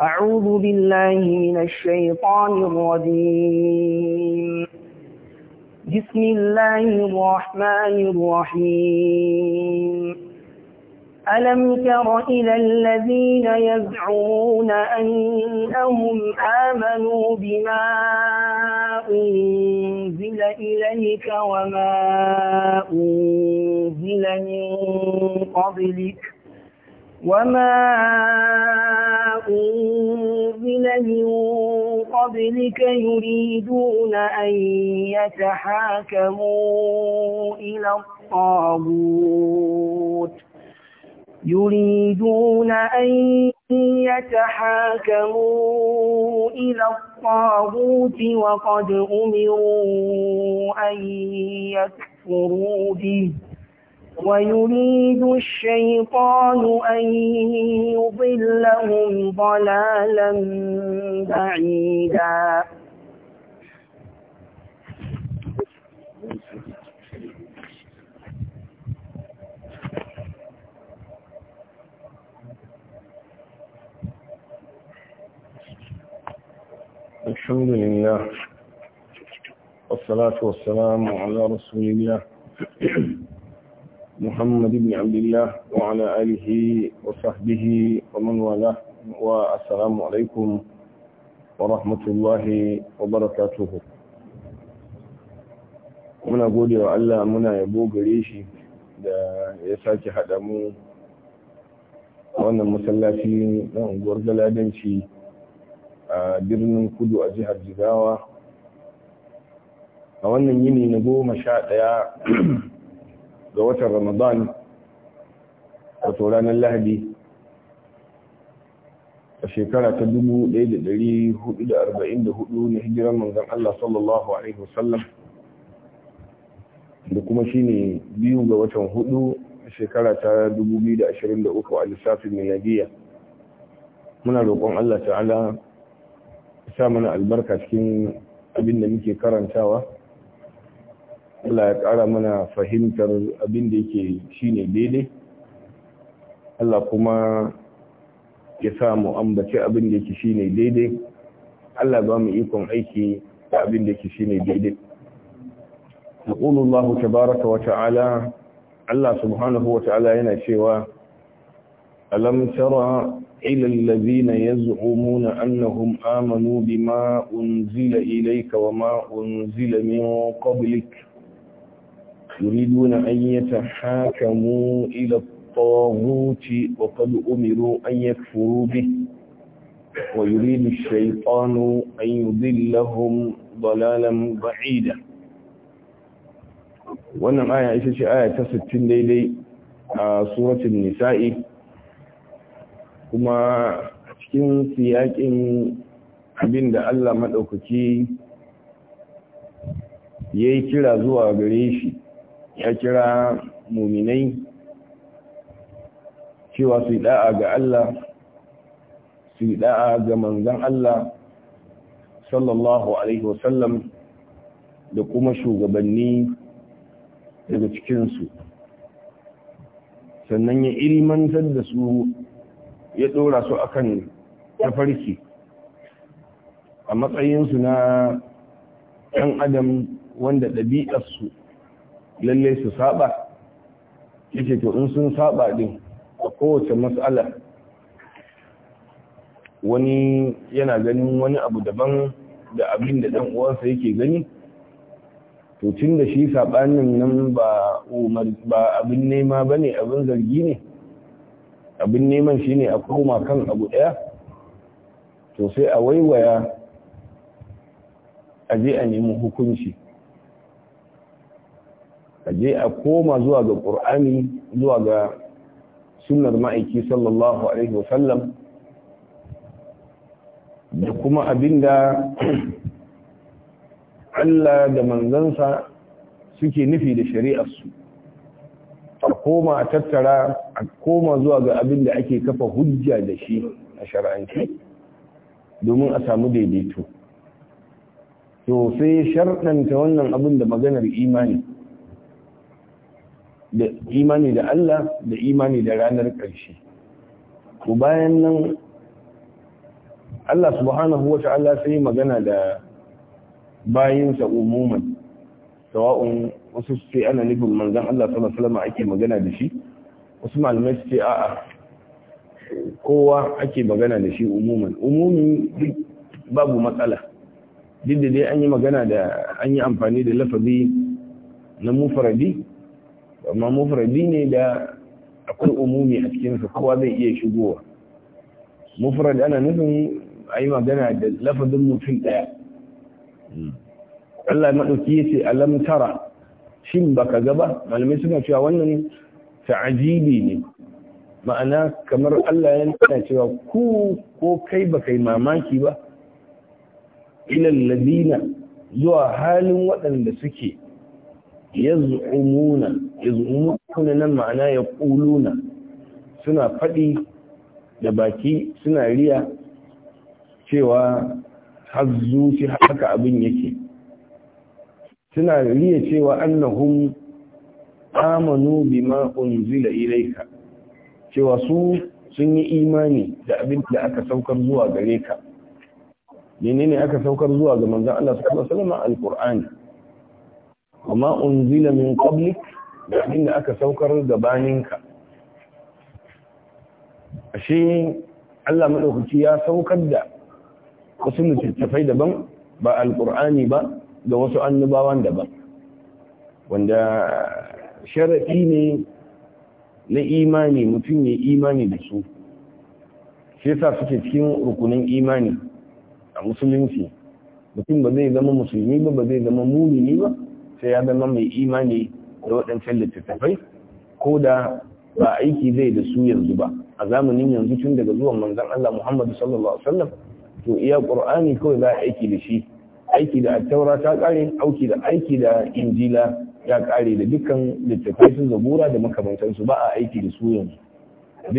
أعوذ بالله من الشيطان الرجيم بسم الله الرحمن الرحيم ألم تر إلى الذين يزعمون أنهم آمنوا بما أنزل إليك وما أنزل من قبلك وما أنزل من قبلك يريدون أن يتحاكموا إلى الطاغوت يريدون أن يتحاكموا إلى الطاغوت وقد أمروا أن يكفروا به ويريد الشيطان أن يضلهم ضلالا بعيدا الحمد لله والصلاة والسلام على رسول الله محمد بن عبد الله وعلى آله وصحبه ومن والاه والسلام عليكم ورحمة الله وبركاته muna gode wa Allah muna yabo gare shi da ya sake haɗa mu wannan masallaci na unguwar galadanci a birnin kudu a jihar jigawa a wannan yini na goma sha ɗaya ga watan ramadan wato ranar lahadi a shekara ta 1444 na hijiran manzan Allah sallallahu Alaihi wasallam da kuma shi ne biyu ga watan hudu a shekara ta 2023 a lissafin miladiya muna roƙon Allah ta'ala sa mana albarka cikin abin da muke karantawa Allah ya ƙara mana fahimtar abin da yake ne daidai Allah kuma ya sa mu ambaci abin da yake ne daidai Allah ba mu ikon aiki da abin da yake ne daidai Yaqulu tabaraka wa ta'ala Allah subhanahu wa ta'ala yana cewa alam tara إلى الذين يزعمون أنهم Amanu بما أنزل إليك وما unzila min قبلك يريدون أن يتحاكموا إلى الطاغوت وقد أمروا أن يكفروا به ويريد الشيطان أن يضلهم ضلالا بعيدا wannan aya ita ce aya ta 60 daidai a suratul nisa'i kuma cikin siyaƙin abin da Allah maɗaukaki ya yi kira zuwa gare shi ya kira muminai cewa su da'a ga Allah su da'a ga manzan Allah sallallahu alaihi wasallam da kuma shugabanni daga cikinsu sannan ya ilmantar da su ya ɗora su akan tafarki a matsayinsu na ɗan adam wanda ɗabi'arsu lallai su saba yake to in sun saba din a kowace matsala wani yana ganin wani abu daban da abin da dan uwansa yake gani to tun da shi sabanin nan ba ba abin nema bane abin zargi ne abin neman shine a koma kan abu daya to sai a waiwaya a je a nemi hukunci a je a koma zuwa ga ƙur'ani zuwa ga sunar ma'aiki sallallahu alaihi wasallam da kuma abinda Allah da manzansa suke nufi da shari'arsu a koma a tattara a koma zuwa ga abinda ake kafa hujja da shi a shari'anci domin a samu daidaito to sai sharɗanta wannan abin da maganar imani da imani da Allah da imani da ranar ƙarshe to bayan nan Allah subhanahu wa ta'ala sai magana da bayinsa umuman sawa'un wasu sai ana nufin manzan Allah sallallahu alaihi wasallam ake magana da shi wasu malamai su ce a'a kowa ake magana da shi umuman umumi babu matsala duk da dai an yi magana da an yi amfani da lafazi na mufaradi amma mufradi ne da akwai umumi a cikinsa kowa zai iya shigowa mufrad ana nufin a yi magana da lafazin mutum ɗaya Allah maɗauki ya ce alam shin baka gaba malamai suna cewa wannan ta'ajibi ne ma'ana kamar Allah yana cewa ku ko kai baka yi mamaki ba ilal ladina zuwa halin waɗanda suke umuna yazumuna nan ma'ana ya ƙuluna suna faɗi da baki suna riya cewa hazzu shi haka abin yake suna riya cewa annahum amanu bima unzila ilayka cewa su sun yi imani da abin da aka saukar zuwa gare ka menene aka saukar zuwa ga manzon Allah sallallahu alaihi wasallam alqur'ani وما unzila min qablik da abin da aka saukar gabaninka ashe Allah maɗaukaci ya saukar da wasu littattafai daban ba alƙur'ani ba da wasu annabawan daban wanda sharafi ne na imani mutum ya imani da su shi sa suke cikin rukunin imani a musulunci mutum ba zai zama musulmi ba ba zai zama mumini ba sai ya zama mai imani da waɗancan littattafai ko da ba aiki zai da su yanzu ba a zamanin yanzu tun daga zuwan manzan Allah Muhammadu sallallahu alaihi wasallam to iya qur'ani kawai za a aiki da shi aiki da attaura ta kare auki da aiki da injila ya kare da dukkan littattafai sun zabura da makamantansu ba a aiki da su yanzu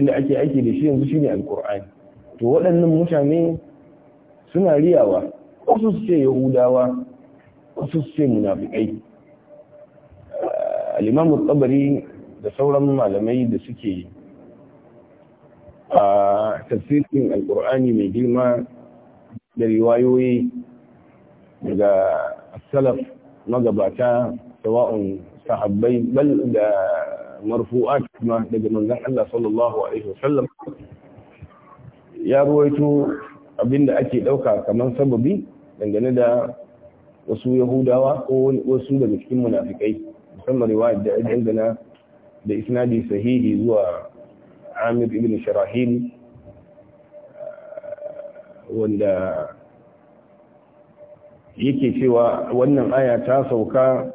da ake aiki da shi yanzu shine alqur'ani to waɗannan mutane suna riyawa wasu su ce yahudawa wasu su ce munafikai al'imamu tsabari da sauran malamai da suke a tafsirin al'ur'ani mai girma da riwayoyi daga salaf magabata sawa'un sahabbai bal da marfu'at kuma daga manzan Allah sallallahu Alaihi wasallam ya ruwaito abinda ake ɗauka kamar sababi dangane da wasu yahudawa ko wasu daga cikin munafikai musamman riwaya da dangana da isnadi sahihi zuwa Amir ibn Sharahili uh, wanda yake cewa wannan aya ta sauka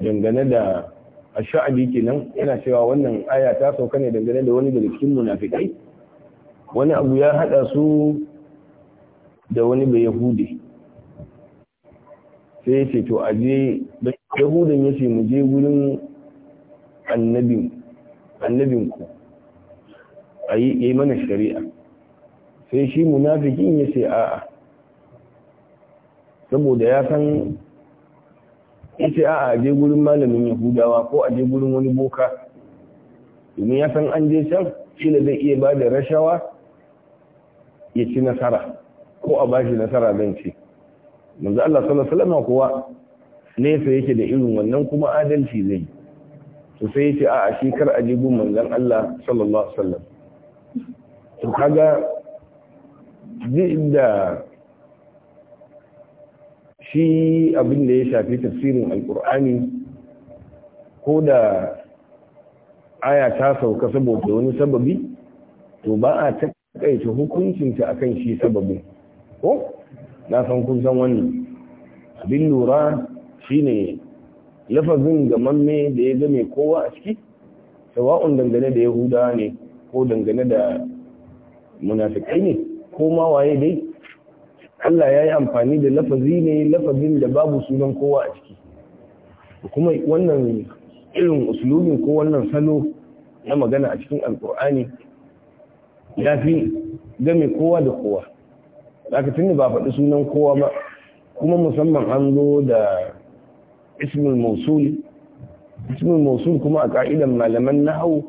dangane da ash-sha'bi kenan yana cewa wannan aya ta sauka ne dangane da wani daga cikin munafikai wani abu ya hada su da wani bai yahudi sai ya ce to aje yahudan ya ce mu je wurin ku a yi mana shari'a sai shi munafikin ya ce a'a saboda ya san ya ce a'a je gurin malamin yahudawa ko a je gurin wani boka domin ya san an je can shida zai iya ba da rashawa ya ci nasara ko a ba shi nasara zan ce manzo Allah sallallahu alaihi kuwa nesa yake da irin wannan kuma adalci zai to sai yace a shi kar a ji gun manzon Allah sallallahu alaihi wasallam to kaga da shi abin da ya shafi tafsirin alkur'ani ko da aya ta sauka saboda wani sababi to ba a hukuncin hukuncinta akan shi sababin ko na san kun san wannan abin lura shine lafazin gamamme da ya game kowa a ciki sawa'un dangane da yahuda ne ko dangane da munafikai ne ko ma waye dai Allah ya yi amfani da lafazi ne lafazin da babu sunan kowa a ciki kuma wannan irin usulubin ko wannan salo na magana a cikin alkur'ani ya fi game kowa da kowa zaka tuni ba faɗi sunan kowa ba kuma musamman an zo da ismul mosul kuma a ka'idan malaman nahwu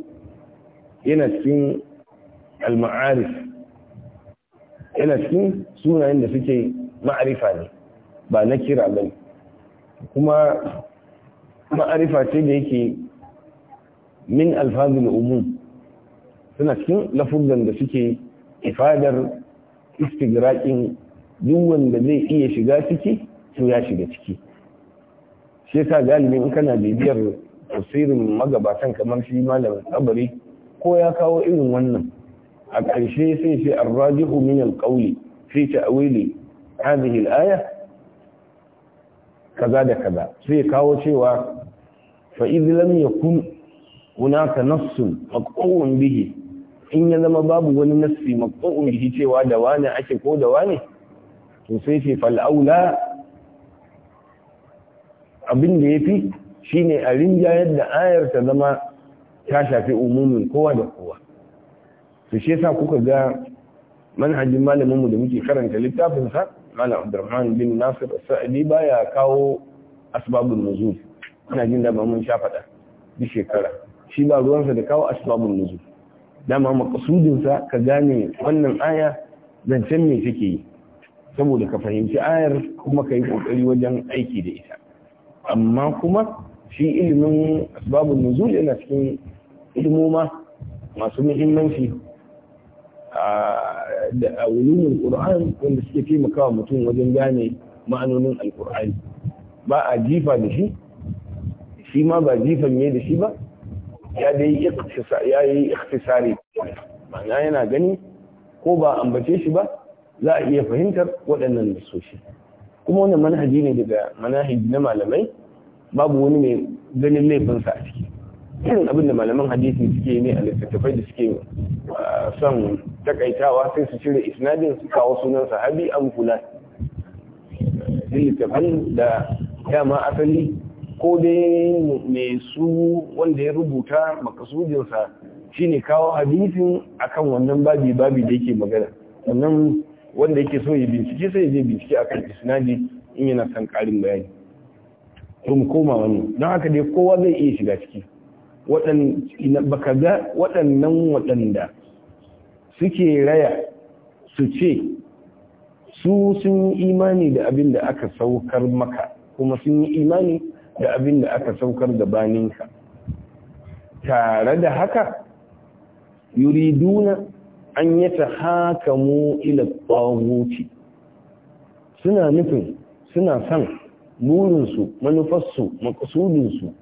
yana cikin al-ma'arif yana sunayen da suke ma'arifa ne ba na kira bane kuma ma'arifa ce da yake min alfazul umum suna cikin lafuzan da suke ifadar istigraƙin duk wanda zai iya shiga ciki to ya shiga ciki shi yasa galibi in kana bibiyar tafsirin magabatan kamar shi malamin tsabari ko ya kawo irin wannan a ƙarshe sai ce arrajihu min alqawli fi ta'wili hadhihi alaya aya kaza da kaza sai kawo cewa fa idh lam yakun hunaka nassun maqtu'un bihi in ya zama babu wani nassi maqtu'un bihi cewa da wani ake ko da wani to sai fal aula abin da ya fi shi ne a rinjayar da ayar ta zama ta shafi umumin kowa da kowa su shi sa kuka ga manhajin malaminmu da muke karanta littafinsa malam abdurrahman bin nasir sa'adi ya kawo asbabun nuzul ina jin dama mun sha faɗa duk shekara shi ba ruwansa da kawo asbabun nuzul dama makasudinsa ka gane wannan aya zancen me take yi saboda ka fahimci ayar kuma ka yi ƙoƙari wajen aiki da ita amma kuma shi ilimin babu nuzul yana cikin ilmoma masu muhimmanci a wulumin qur'an wanda suke taimakawa mutum wajen gane ma'anonin alqur'ani ba a jifa da shi shi ma ba jifan ne da shi ba ya dai ya yi ikhtisari ma'ana yana gani ko ba ambace shi ba za a iya fahimtar waɗannan nasoshi kuma wannan manhaji ne daga manhaji na malamai babu wani mai ganin laifinsa a ciki irin abin da malaman hadisi suke ne a littattafai da suke son takaitawa sai su cire isnadin su kawo sunan sahabi an kula littattafan da dama asali ko dai mai su wanda ya rubuta makasudinsa shine kawo hadisin akan wannan babi babi da yake magana sannan wanda yake so ya bincike sai ya je bincike akan isnadi in yana son karin bayani to mu koma wani don haka dai kowa zai iya shiga ciki baka ga waɗannan waɗanda suke raya su ce su sun yi imani da abin da aka saukar maka kuma sun yi imani da abin da aka saukar da baninka tare da haka yuriduna an yi ta haka mu ila tsawoci suna nufin suna son murinsu manufarsu makasudinsu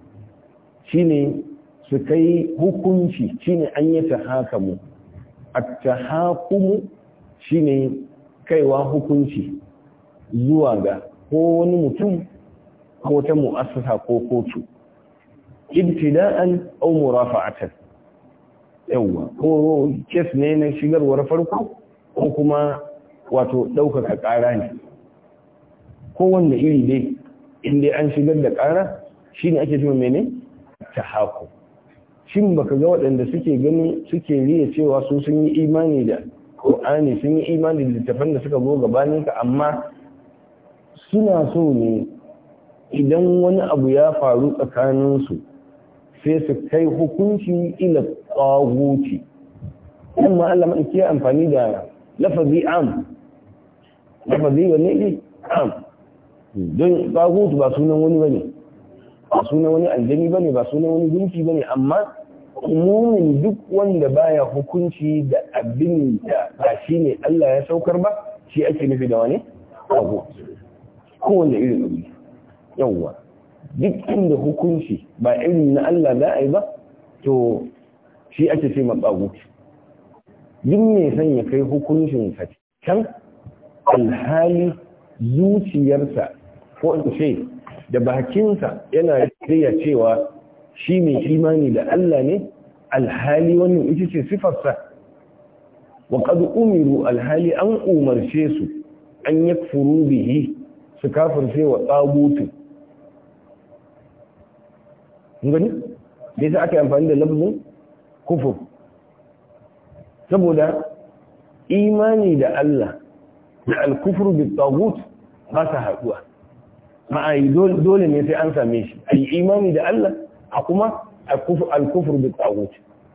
shine su kai hukunci shine an yi ta haka mu a ta shi shine kaiwa hukunci zuwa ga ko wani mutum ko ta mu'asasa ko kotu ibtida'an au murafa'atan yawwa ko kes ne na shigarwar farko ko kuma wato ɗaukaka ƙara ne kowanne iri dai inda an shigar da ƙara shi ne ake cewa mene ta haku shin baka ga waɗanda suke gani suke riya cewa su sun yi imani da ƙo'ani sun yi imani da littafan da suka zo gabanin ka amma suna so ne idan wani abu ya faru tsakaninsu sai su kai hukunci ila tsaguci yan ma Allah maɗauki amfani da lafazi am lafazi wanne ne am don tsaguci ba sunan wani bane ba sunan wani aljani bane ba sunan wani gunki bane amma umumin duk wanda baya hukunci da abin da ba shi ne Allah ya saukar ba shi ake nufi da wani abu kowane irin abu yawwa duk inda hukunci ba irin na Allah za a yi ba to shi ake ce matsaguci duk mai san ya kai hukuncin ka can alhali zuciyarsa ko in ce da bakinsa yana riya cewa shi mai imani da Allah ne alhali wannan ita ce sifarsa wa qad umiru alhali an umarce su an yakfuru bihi su kafirce wa tsagutu gani da yasa aka yi amfani da lafzin kufur saboda imani da Allah da alkufur bi tagut ba ta haduwa ma'ai dole ne sai an same shi ai imani da Allah a kuma alkufur bi tagut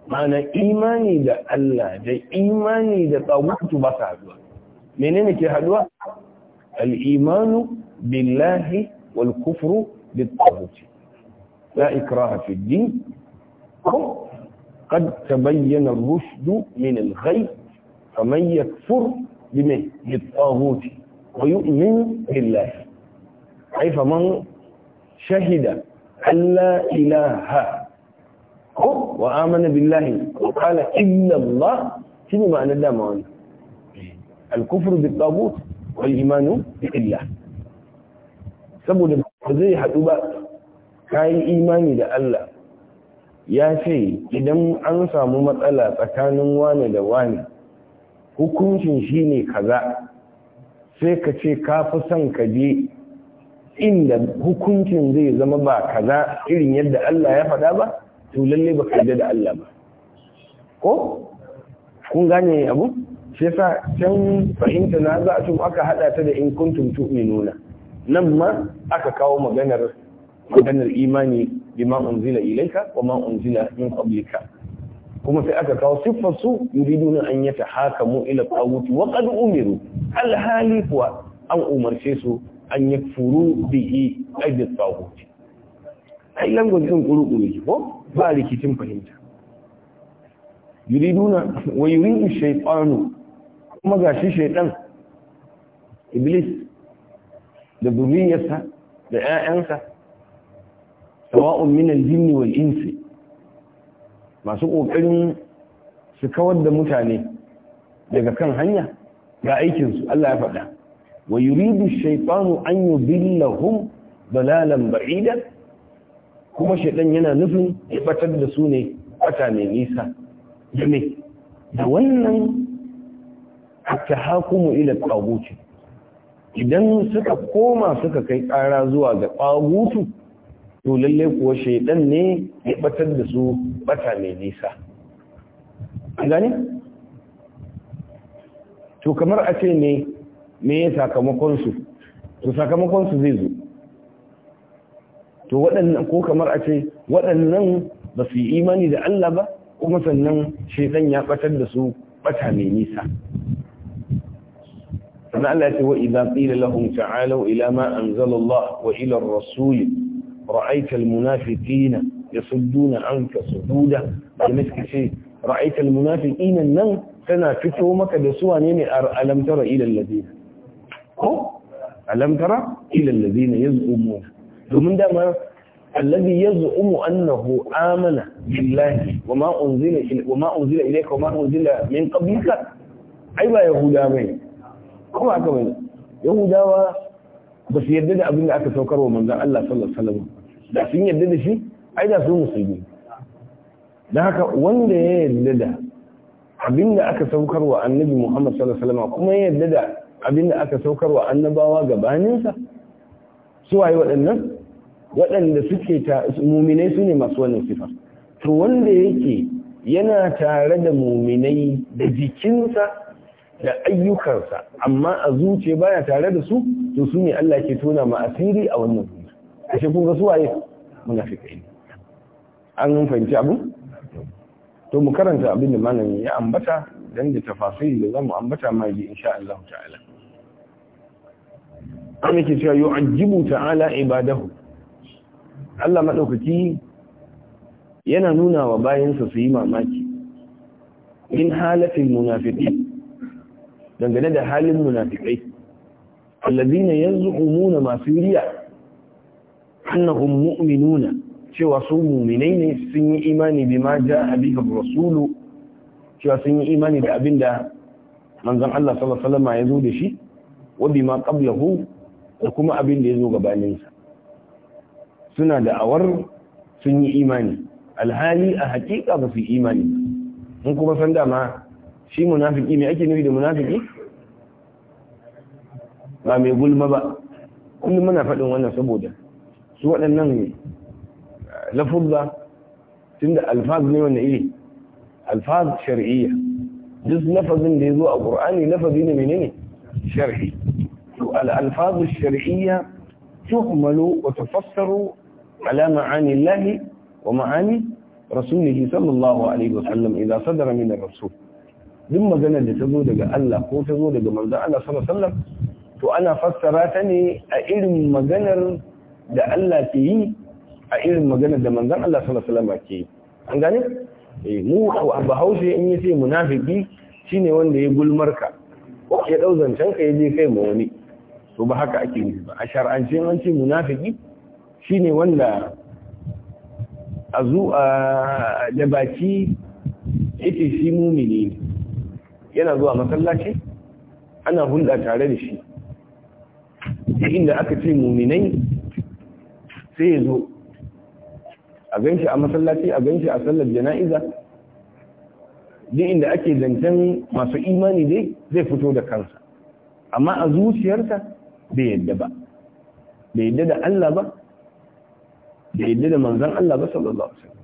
ma'ana imani da Allah da imani da tagut ba ta haduwa menene ke haduwa al-imanu billahi wal kufru bi tagut la ikraha fi din ko قد تبين الرشد من الغي فمن يكفر بمن بالطاغوت ويؤمن بالله أي فمن شهد أن لا إله وآمن بالله وقال إلا الله شنو معنى دام الكفر بالطاغوت والإيمان بالله سبب ba zai كاي ايماني ka ya ce idan an samu matsala tsakanin wane da wani, hukuncin shi ne kaza sai ka ce ka fi son ka je inda hukuncin zai zama ba kaza irin yadda Allah ya faɗa ba to lalle ba ka da Allah ba ko kun gane abu sai sa can fahimta na za a aka haɗa ta da in kuntum nuna? nan ma aka kawo maganar maganar imani bima unzila ilayka wa ma unzila min qablika kuma sai aka kawo siffar su yuriduna an yata hakamu ila tawuti wa qad umiru alhali kuwa an umarce su an yakfuru bihi aid tawuti ai langon sun kuru-kuru ko ba rikicin fahimta yuriduna wa yuridu shaytanu kuma gashi shaytan iblis da zuriyarsa da 'ya'yansa sawa'un min al-jinni wal insi masu kokarin su kawar da mutane daga kan hanya ga aikin su Allah ya faɗa wa yuridu shaytanu an yudillahum dalalan ba'ida kuma shaytan yana nufin ya batar da su ne kwata mai nisa da me da wannan hatta hakumu ila al idan suka koma suka kai ƙara zuwa ga ƙagutu to lalle kuwa shaidan ne ya batar da su bata mai nisa an gane to kamar a ce ne me ya sakamakon su to sakamakon su zai zo to waɗannan ko kamar a ce waɗannan ba su yi imani da Allah ba kuma sannan shaidan ya batar da su bata mai nisa sannan Allah ya ce wa tsira qila lahum ta'alu ila ma anzala Allah wa ila ar ra'aital munafiqina yasudduna anka sududa da suke ce ra'aital munafiqina nan tana fito maka da suwa ne alam tara ila alladina ko alam tara ila alladina yaz'umuna domin الذي يزعم أنه آمن بالله وما أنزل وما أنزل إليك وما أنزل من قبلك أي با يهودا بين كما كمان يهودا بس يدد أبن أكا سوكر ومن ذا الله صلى الله عليه وسلم da sun yarda da shi ai da su musulmi da haka wanda ya yarda da abinda aka saukar wa annabi Muhammad sallallahu alaihi wasallam kuma ya yarda da abinda aka saukar wa annabawa gabaninsa su waye waɗannan waɗanda suke ta muminai su ne masu wannan sifar to wanda yake yana tare da muminai da jikinsa da ayyukansa amma a zuce baya tare da su to su ne Allah ke tona ma asiri a wannan ashe kun ga suwaye munafikai an fahimci abu to mu karanta abin da malami ya ambata dan da tafasiri da zamu ambata mai bi insha Allah ta'ala an yake cewa Ajibu ta'ala ibadahu Allah madaukaki yana nuna wa bayansa su yi mamaki in halatin munafiqi dangane da halin munafikai allazina umuna masu riya annahum mu'minuna cewa su mu'minai ne sun yi imani bi ma ja'a bihi rasulu cewa sun yi imani da abin da manzon Allah sallallahu alaihi wasallam ya zo da shi wa bima qablahu da kuma abin da ya zo gabanin sa suna da awar sun yi imani alhali a hakika ba su yi imani ba in kuma san dama shi munafiki Me ake nufi da munafiki ba mai gulma ba kullum muna faɗin wannan saboda su waɗannan lafuzza tun da alfaz ne wanda iri alfaz shari'iyya duk lafazin da ya zo a ƙur'ani lafazi ne menene shar'i to al-alfaz ash-shar'iyya tuhmalu wa tafassaru ala ma'ani Allah wa ma'ani rasulihi sallallahu alaihi wa sallam idan sadara min ar-rasul duk maganar da ta zo daga Allah ko ta zo daga manzon Allah sallallahu alaihi wasallam to ana fassara ta ne a irin maganar da Allah ke yi a irin magana da manzan Allah sallallahu alaihi ke yi an gane eh, mu abu haushe in sai munafiki shine wanda ya gulmarka ko ya ɗau zancen ka ya je kai ma wani to ba haka ake yi ba a shar'ance an ce munafiki shine wanda a zuwa da baki yake shi mumini ne yana zuwa masallaci ana hulɗa tare da shi inda aka ce muminai sai ya zo a ganshi a masallaci a ganshi a sallar jana'iza din inda ake zancen masu imani dai zai fito da kansa amma a zuciyarsa bai yadda ba bai yadda da Allah ba bai yadda da manzan Allah ba sallallahu alaihi wasallam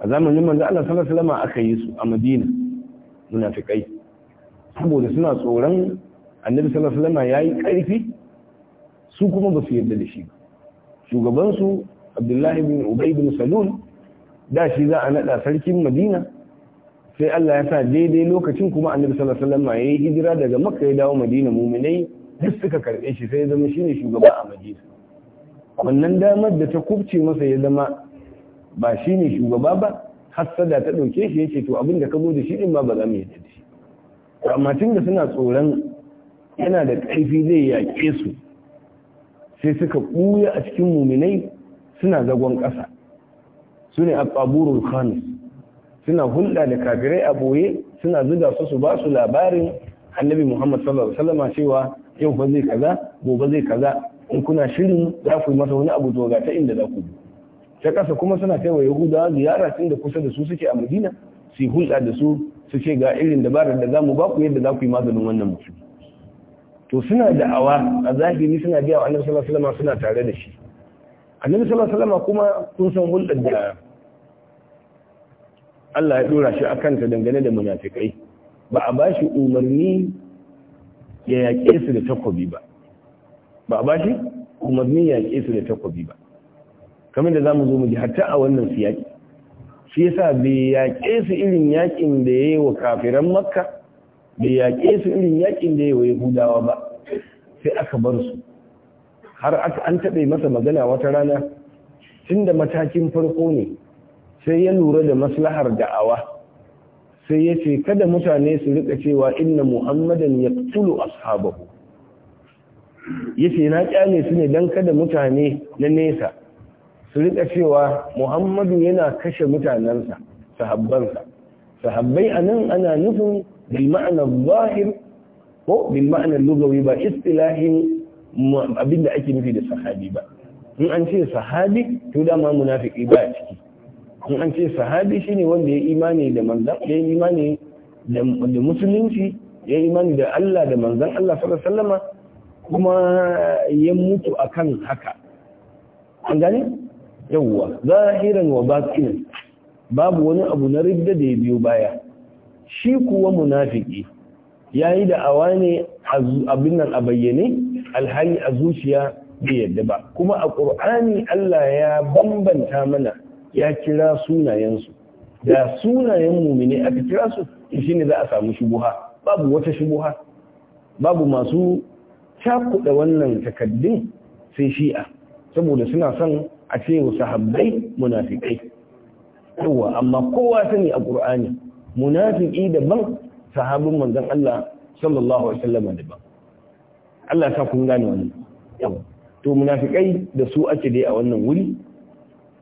a zamanin manzan Allah sallallahu alaihi wasallam aka yi su a Madina munafikai saboda suna tsoron annabi sallallahu alaihi wasallam yayi karfi su kuma ba su yarda da shi shugabansu abdullahi bin ubai bin salul da shi za a nada sarkin madina sai Allah ya sa daidai lokacin kuma annabi sallallahu alaihi wasallam yayi hijira daga makka ya dawo madina mu'minai duk suka karbe shi sai ya zama shine shugaba a madina wannan damar da ta kubce masa ya zama ba shine shugaba ba hassada ta dauke shi yace to abinda ka zo da shi din ma ba za mu yarda da shi amma tun da suna tsoron yana da kaifi zai yake su sai suka ɓuya a cikin muminai suna zagon ƙasa su ne a ƙaburul khamis suna hulɗa da kafirai a ɓoye suna zuga su su ba su labarin annabi muhammad sallallahu alaihi wasallam cewa yau fa zai kaza gobe zai kaza in kuna shirin za ku yi masa wani abu to ga ta inda za ku bi ta ƙasa kuma suna kai wa yahudawa ziyara tun da kusa da su suke a madina su yi hulɗa da su su ce ga irin dabarar da za mu ba ku yadda za ku yi maganin wannan mutum to suna da'awa a zahiri suna biya wa annabi sallallahu alaihi wasallam suna tare da shi annabi sallallahu alaihi wasallam kuma kun san hulɗar da Allah ya dora shi akan ta dangane da munafikai ba a bashi umarni ya yaƙe su da takobi ba ba a bashi umarni ya yaƙe su da takobi ba kamar da zamu zo mu ji hatta a wannan siyaki shi yasa bai yaƙe su irin yaƙin da yayi wa kafiran makka bai yaƙe su irin yaƙin da ya yawa yahudawa ba sai aka bar su har aka an taɓa masa magana wata rana tun da matakin farko ne sai ya lura da maslahar da'awa sai ya ce kada mutane su rika cewa inna muhammadan ya tulu ashabahu ya ce na ƙyale su ne don kada mutane na nesa su rika cewa muhammadu yana kashe mutanensa sahabbansa sahabbai a nan ana nufin bil ma'ana zahir ko bil ma'ana lugawi ba istilahin abinda ake nufi da sahabi ba in an ce sahabi to dama munafiki ba a ciki in an ce sahabi shine wanda ya imani da manzan ya imani da musulunci ya imani da Allah da manzan Allah sallallahu alaihi wasallama kuma ya mutu akan haka an gane yawwa zahiran wa batinan babu wani abu na ridda da ya biyo baya shi kuwa munafiki yi da ne abin nan a bayyane alhali a zuciya da yadda ba kuma a ƙur'ani Allah ya bambanta mana ya kira sunayensu da sunayen a aka kira su ne za a samu shubuha babu wata shubuha babu masu cakuɗa wannan takaddun sai shi'a saboda suna son a ce wa sahabbai munafikai yawa amma kowa sani a ƙur'ani munafiki daban sahabin manzon Allah sallallahu alaihi wasallam daban Allah ta kun gane wannan to munafikai da su ake dai a wannan wuri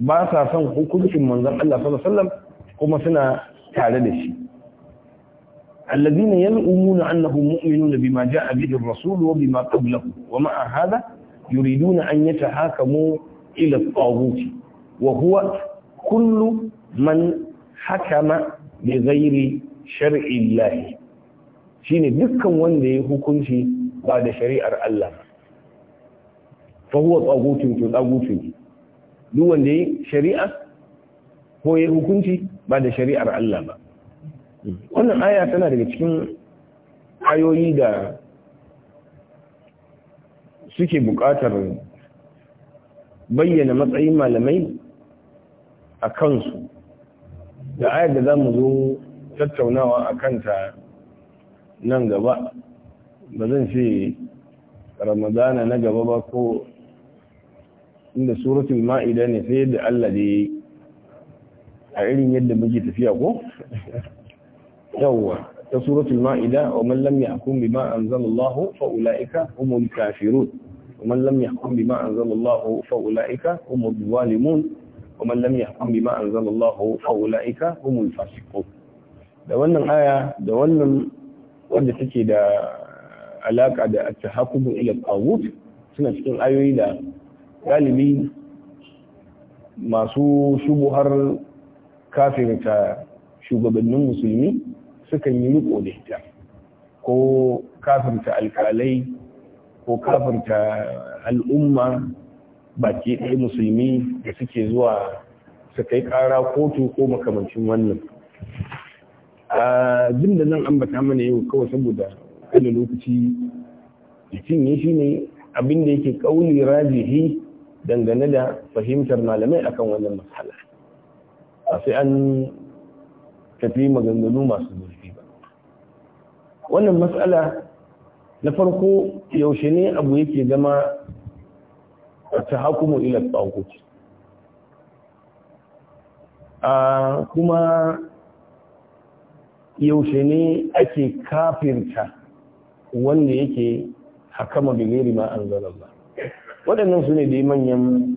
ba sa son hukuncin manzon Allah sallallahu alaihi wasallam kuma suna tare da shi الذين يزعمون انهم مؤمنون بما جاء به الرسول وبما قبله ومع هذا يريدون ان يتحاكموا الى الطاغوت وهو كل من حكم bi zairi shar'i Allah shine dukkan wanda ya hukunci ba da shari'ar Allah fa huwa tsagutin to tsagutin duk wanda ya shari'a ko ya hukunci ba da shari'ar Allah ba wannan aya tana daga cikin ayoyi da suke buƙatar bayyana matsayin malamai a kansu da ayar da za mu zo tattaunawa a kanta nan gaba ba zan ce ramadana na gaba ba ko inda suratul ma'ida ne sai da Allah da ya a irin yadda muke tafiya ko yawwa ta suratul ma'ida wa man lam yahkum bima anzalallahu fa ulaika humul kafirun wa man lam yahkum bima anzalallahu fa ulaika humul zalimun ومن لم يحكم بما أنزل الله فأولئك هم الفاسقون da wannan aya da wannan wanda take da alaka da at-tahakkum ila al suna cikin ayoyi da galibi masu shubuhar kafirta shugabannin musulmi sukan yi riko da ita ko kafirta alkalai ko kafirta al'umma baki ɗaya musulmi da suke zuwa su kai ƙara kotu ko makamancin wannan Jin da zan ambata mana yau kawai saboda kada lokaci ya cinye shi ne abin da yake kauli rajihi dangane da fahimtar malamai akan wannan matsala a sai an tafi maganganu masu zurfi ba wannan matsala na farko yaushe ne abu yake zama ta hakumu ila tsagut a kuma yaushe ne ake kafirta wanda yake hakama da gari ma an zalallah waɗannan su ne dai manyan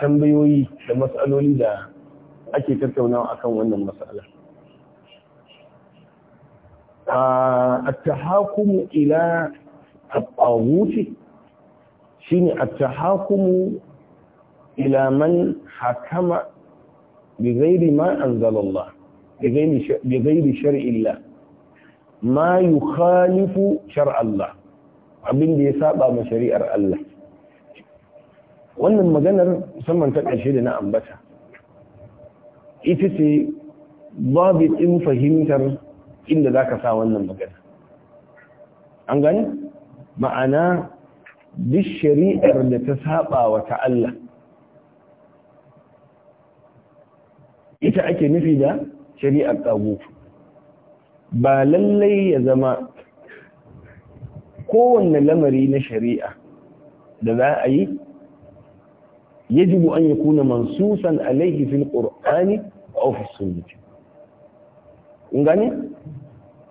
tambayoyi da matsaloli da ake tattaunawa akan wannan matsala a hakumu ila tsaguti shine atta hakumu ila man hakama bi ghairi ma anzala Allah bi ghairi shar'i ma yukhalifu shar'a Allah abin da ya saba ma shari'ar Allah wannan maganar musamman ta ƙarshe da na ambata ita ce babu ɗin fahimtar inda za ka sa wannan magana an gani ma'ana duk shari'ar da ta saba wa ta Allah ita ake nufi da shari'ar tsago ba lallai ya zama kowanne lamari na shari'a da za a yi yajibu an kuna mansusan alaihi fil qur'ani aw fi sunnati kun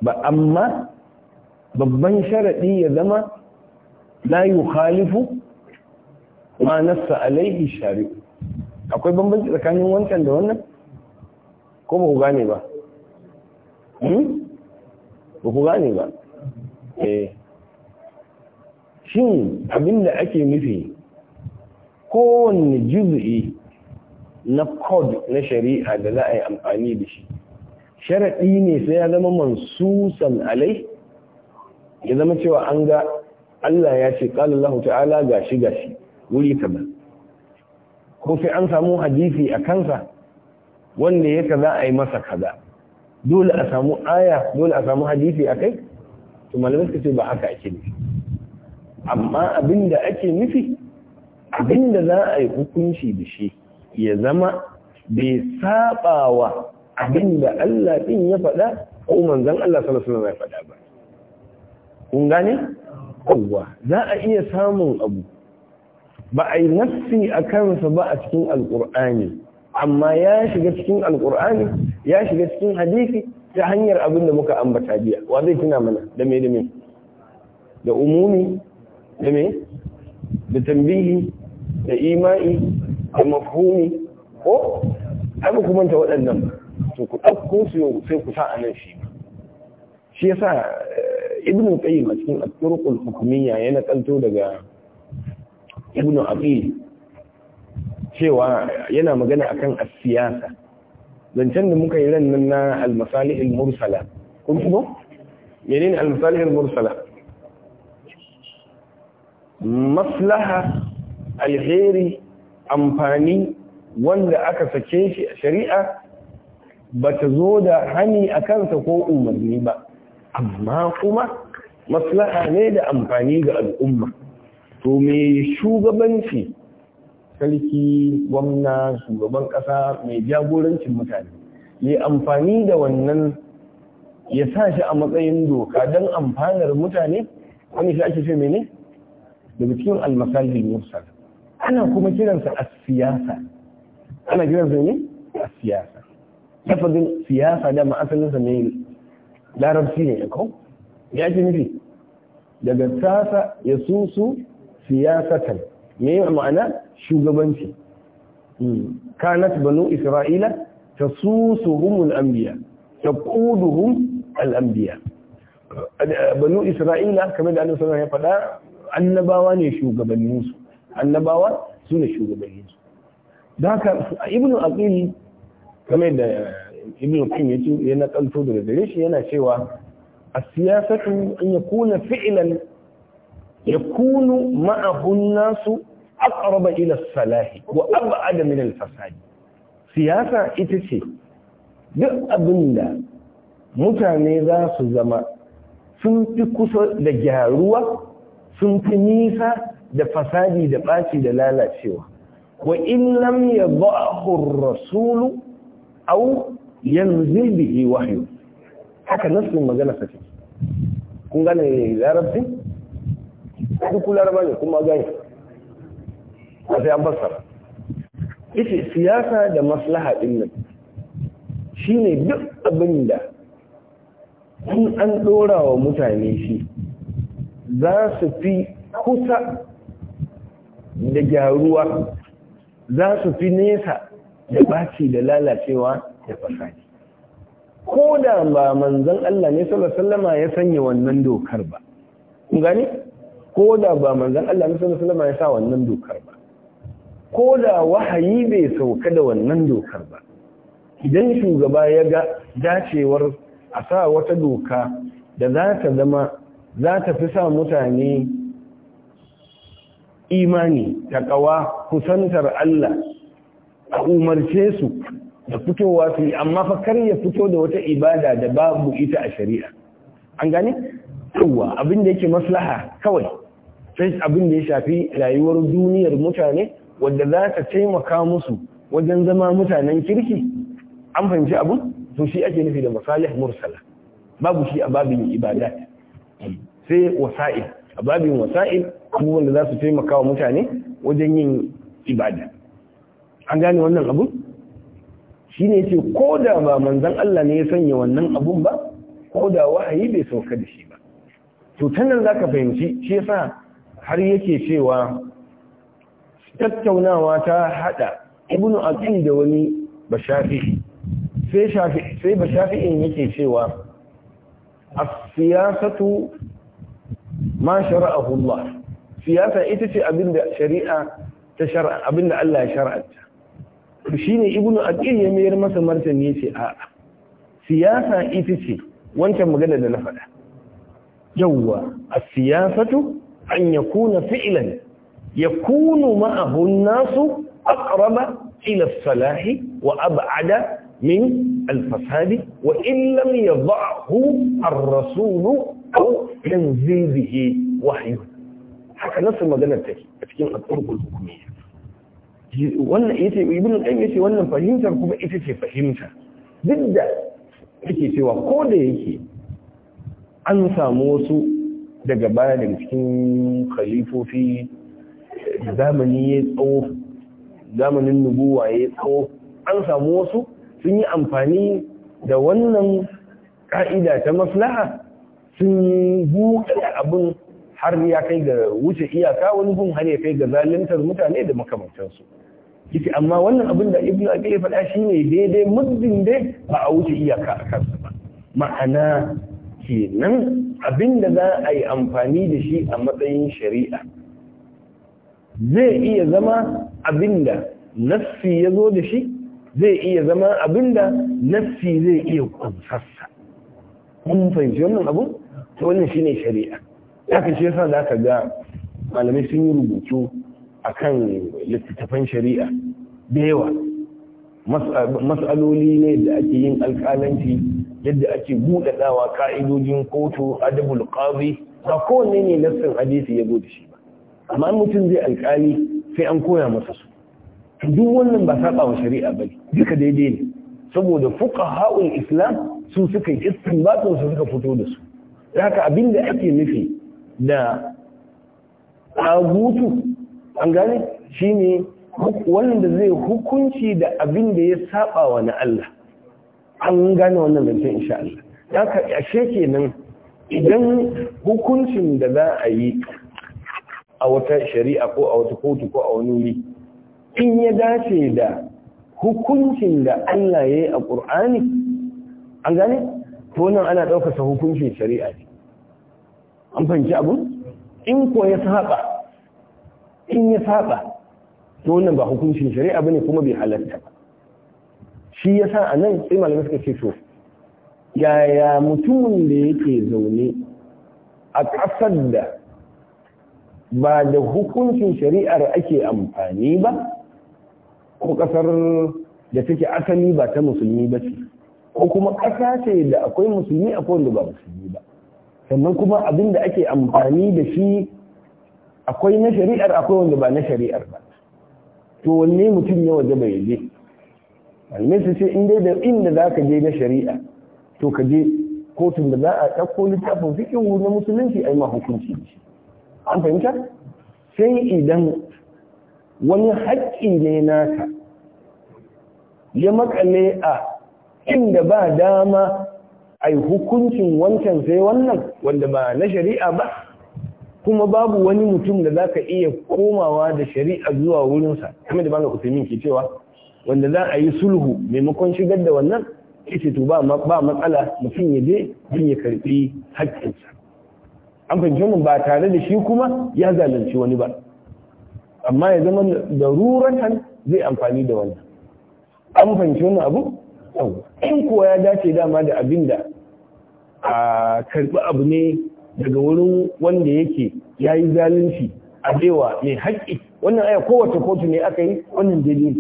ba amma babban sharaɗi ya zama la yukhalifu ma nassa alaihi shari'u akwai bambanci tsakanin wancan da wannan ko ba ku gane ba ba ku gane ba eh shin abinda ake nufi kowanne juz'i na code na shari'a da za a yi amfani da shi sharaɗi ne sai ya zama mansusan alai ya zama cewa an ga Allah ya ce qala Allah ta'ala gashi gashi wuri kaza ko sai an samu hadisi a kansa wanda ya kaza a yi masa kaza dole a samu aya dole a samu hadisi a kai to malamai suka ce ba haka ake nufi amma abin da ake nufi abin da za a yi hukunci da shi ya zama bai sabawa abinda abin da Allah din ya faɗa ko manzon Allah sallallahu alaihi wasallam ya faɗa ba kun gane kowa za a iya samun abu ba a yi nassi a kansa ba a cikin alkur'ani amma ya shiga cikin alkur'ani ya shiga cikin hadisi ta hanyar abin da muka ambata biya wa zai tuna mana da me da me da umumi da me da tambihi da ima'i da mafhumi ko abu kuma ta waɗannan to ku ɗauko su sai ku sa a nan shi shi yasa eh, ibn qayyim a cikin at-turuqul hukumiyya yana kanto daga ibn cewa yana magana akan as-siyasa zancen da muka yi ran nan na al-masalih al-mursala kun kuma menene al-masalih al-mursala maslaha alheri amfani wanda aka sake shi a shari'a ba ta zo da hani a kansa ko umarni ba amma kuma maslaha ne da amfani ga al'umma to me shugabanci sarki gwamna shugaban ƙasa, mai jagorancin mutane ya amfani da wannan ya sa shi a matsayin doka don amfanar mutane wani shi ake ce ne daga cikin almasajin mursal ana kuma kiransa a siyasa ana kiransa ne a siyasa tafadin siyasa da ma'asalinsa ne larabci ne ya kawo ya ji nufi daga tasa ya susu siyasatan me yi ma'ana shugabanci hmm. kanat banu isra'ila ta susu humul anbiya ta kuduhum al'ambiya banu isra'ila kamar da annabi sallallahu ya faɗa annabawa ne shugabanninsu annabawa su ne shugabanninsu da haka ibnu al'ili kamar da ibn qayyim yace ya nakalto daga gare shi yana cewa as-siyasatu an yakuna fi'lan yakunu ma'ahu an-nasu aqraba ila as-salah wa ab'ada min al-fasad siyasa ita ce duk abinda mutane za su zama sun fi kusa da gyaruwa sun fi nisa da fasadi da ɓaci da lalacewa wa in lam yadhahu ar-rasulu aw yanzil bihi wahyu haka nassin magana sa ce kun gane larabci duk laraba ne kuma gane a an fassara ita siyasa da maslaha ɗinnan nan shine duk abin da in an dora wa mutane shi za su fi kusa da gyaruwa za su fi nesa da baci da lalacewa ya fasa fasadi ko da ba manzan Allah ne sallallahu alaihi ya sanya wannan dokar ba kun gane ko da ba manzan Allah ne sallallahu alaihi ya sa wannan dokar ba ko da wahayi bai sauka da wannan dokar ba idan shugaba ya ga dacewar a sa wata doka da za ta zama za ta fi sa mutane imani ta kawa kusantar Allah a umarce su da fitowa su yi amma fa kar ya fito da wata ibada da babu ita a shari'a an gane yawa abin da yake maslaha kawai sai abin da ya shafi rayuwar duniyar mutane wadda za ta taimaka musu wajen zama mutanen kirki an fahimci abun to shi ake nufi da masalih mursala babu shi a babin ibada sai wasa'il a babin wasa'il abubuwan da za su taimaka wa mutane wajen yin ibada an gane wannan abun shine ce ko da ba manzon Allah ne ya sanya wannan abun ba ko da wahayi bai sauka da shi ba to tannan ka fahimci shi yasa har yake cewa tattaunawa ta hada ibnu aqil da wani bashafi sai shafi sai yake cewa as-siyasatu ma shara'ahu Allah siyasa ita ce abinda shari'a ta shar'a abinda Allah ya shar'anta to shine ibnu aqil ya mayar masa martani yace a siyasa ita ce wancan magana da na faɗa yawwa as-siyasatu an yakuna fi'lan yakunu ma'ahu an-nasu aqraba ila as salah wa ab'ada min al-fasad wa الفساد وإن لم يضعه الرسول أو ينزل به وحيه حتى نفس المدنة التالي أتكين الطرق الحكومية wannan yace ibnu qayyim yace wannan fahimtar kuma ita ce fahimta duk da yake cewa ko da yake an samu wasu daga baya daga cikin khalifofi zamani ya tsawo zamanin nubuwa ya tsawo an samu wasu sun yi amfani da wannan ka'ida ta maslaha sun buɗe abin har ya kai ga wuce iyaka wani gun har ya kai ga zaluntar mutane da makamantansu yace amma wannan abin da ibnu abi ya faɗa shine daidai muddin dai ba a wuce iyaka a kansa ba ma'ana kenan abin da za a yi amfani da shi a matsayin shari'a zai iya zama abin da nassi ya zo da shi zai iya zama abin da nassi zai iya kunsarsa kun fahimci wannan abu to wannan shine shari'a haka shi yasa za ka ga malamai sun yi rubutu akan littattafan shari'a da yawa mas'aloli ne da ake yin alƙalanci yadda ake buɗaɗawa ka'idojin kotu adabul qadi ba kowanne ne nassin hadisi ya zo da shi ba amma mutum zai alƙali sai an koya masa su duk wannan ba saba wa shari'a ba ne duka daidai ne saboda fuka fuqaha'ul islam su suka yi istinbatun su suka fito da su haka da ake nufi da agutu an gane shi ne wanda zai hukunci da abin da ya saba wa na Allah an gane wannan zancen insha Allah ya ka ashe nan, idan hukuncin da za a yi a wata shari'a ko a wata kotu ko a wani wuri in ya dace da hukuncin da Allah ya yi a ƙur'ani an gane to nan ana ɗaukasa hukuncin shari'a ne an fahimci abu in ko ya saba in ya saba to wannan ba hukuncin shari'a bane kuma bai halatta ba shi yasa a nan sai malamai suka ce to yaya mutumin da yake zaune a ƙasar da ba da hukuncin shari'ar ake amfani ba ko ƙasar da take asali ba ta musulmi ba ce ko kuma ƙasa ce da akwai musulmi akwai wanda ba musulmi ba sannan kuma abin da ake amfani da shi akwai na shari'ar akwai wanda ba na shari'ar ba to wanne mutum ya waje bai je malamai ce inda da inda za ka je na shari'a to ka je kotun da za a ɗauko littafin fikin na musulunci a yi ma hukunci an fahimta sai idan wani haƙƙi ne naka ya makale a inda ba dama a yi hukuncin wancan sai wannan wanda ba na shari'a ba kuma babu wani mutum da zaka iya komawa da shari'a zuwa wurinsa kamar da banga usaimin ke cewa wanda za a yi sulhu maimakon shigar da wannan ita to ba ba matsala mutum ya je din ya karbi haƙƙinsa an fahimci mun ba tare da shi kuma ya zalunci wani ba amma ya zama daruratan zai amfani da wannan an fahimci wannan abu in kuwa ya dace dama da abin da a karbi abu ne daga wurin wanda yake ya yi zalunci a baiwa mai haƙƙi wannan aya kowace kotu ne aka yi wannan daidai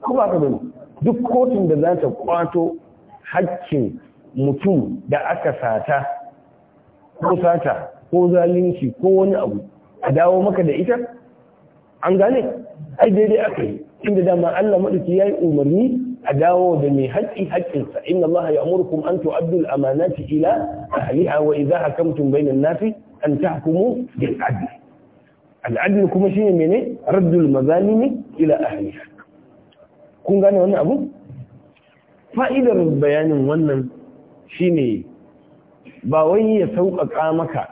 ko ba ka bane duk kotun da za ta kwato haƙƙin mutum da aka sata ko sata ko zalunci ko wani abu a dawo maka da ita an gane ai daidai aka yi inda dama Allah maɗauki ya yi umarni a dawo da mai haƙƙi haƙƙinsa inna Allah ya amurkum an tu'addu abdul amanati ila ahliha wa idza hakamtum bayna an tahkumu bil adl al-adl kuma shine mene raddul mazalimi ila ahliha kun gane wannan abu fa'idar bayanin wannan shine ba wai ya sauƙaƙa maka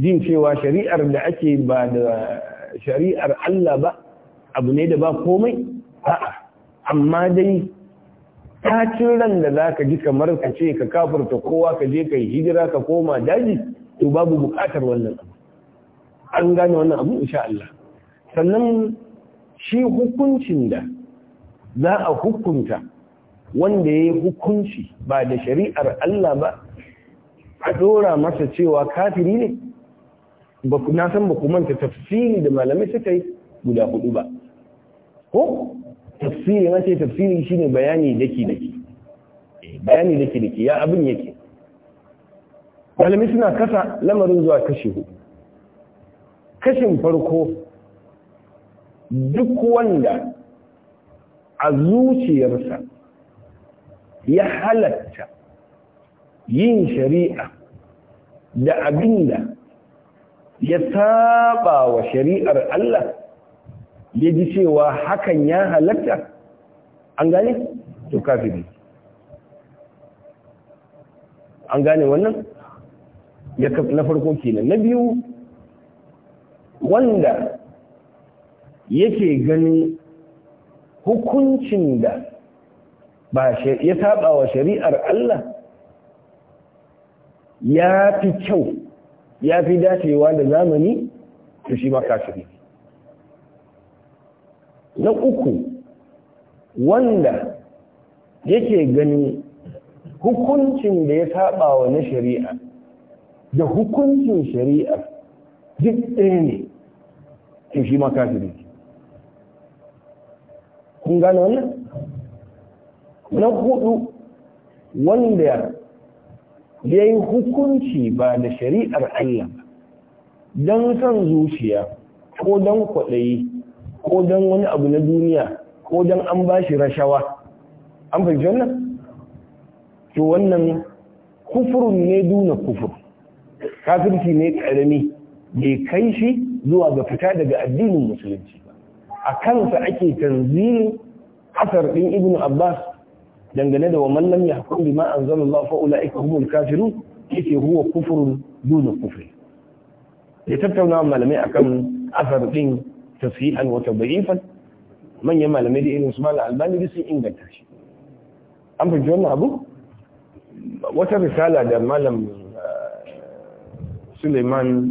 jin cewa shari'ar da ake ba da shari'ar Allah ba abu ne da ba komai a'a amma dai tacin ran da za ka ji kamar ka ce ka kafarta kowa ka je ka yi hijira ka koma daji to babu bukatar wannan abu an gane wannan abu insha Allah sannan shi hukuncin da za a hukunta wanda ya yi hukunci ba da shari'ar Allah ba a dora masa cewa kafiri ne na san ba ku manta tafsiri da malamai suka yi guda hudu ba ko tafsiri mace ce tafsiri shine bayani dake dake eh, bayani dake dake ya abin yake malami suna kasa lamarin zuwa kashi hu kashin farko duk wanda a zuciyarsa ya halatta yin shari'a da abinda ya saba wa shari'ar Allah ya ji cewa hakan ya halatta an gane to kafiri an gane wannan na farko kenan na biyu wanda yake gani hukuncin da ba ya saba wa shari'ar Allah ya fi kyau ya fi dacewa da zamani to shi ma kafiri na uku wanda yake gani hukuncin da ya saba wa na shari'a da hukuncin shari'a duk ɗaya ne to shi ma kafiri kun gane wannan na hudu wanda ya yi hukunci ba da shari'ar Allah don son zuciya ko don kwaɗayi ko don wani abu na duniya ko don an ba shi rashawa an fahimci wannan to wannan kufurun ne duna kufur kafirci ne karami bai kai shi zuwa ga fita daga addinin musulunci ba a kansa ake tanzini asar ɗin ibn abbas dangane da wa mallam ya hakun bi ma anzalallahu fa ulaika humul kafirun yake huwa kufurun duna kufri ya tattauna malamai akan asar ɗin tafi'an wata bayifan manyan malamai da irin su malam albani sun inganta shi an fi wannan abu wata risala da malam eh, suleiman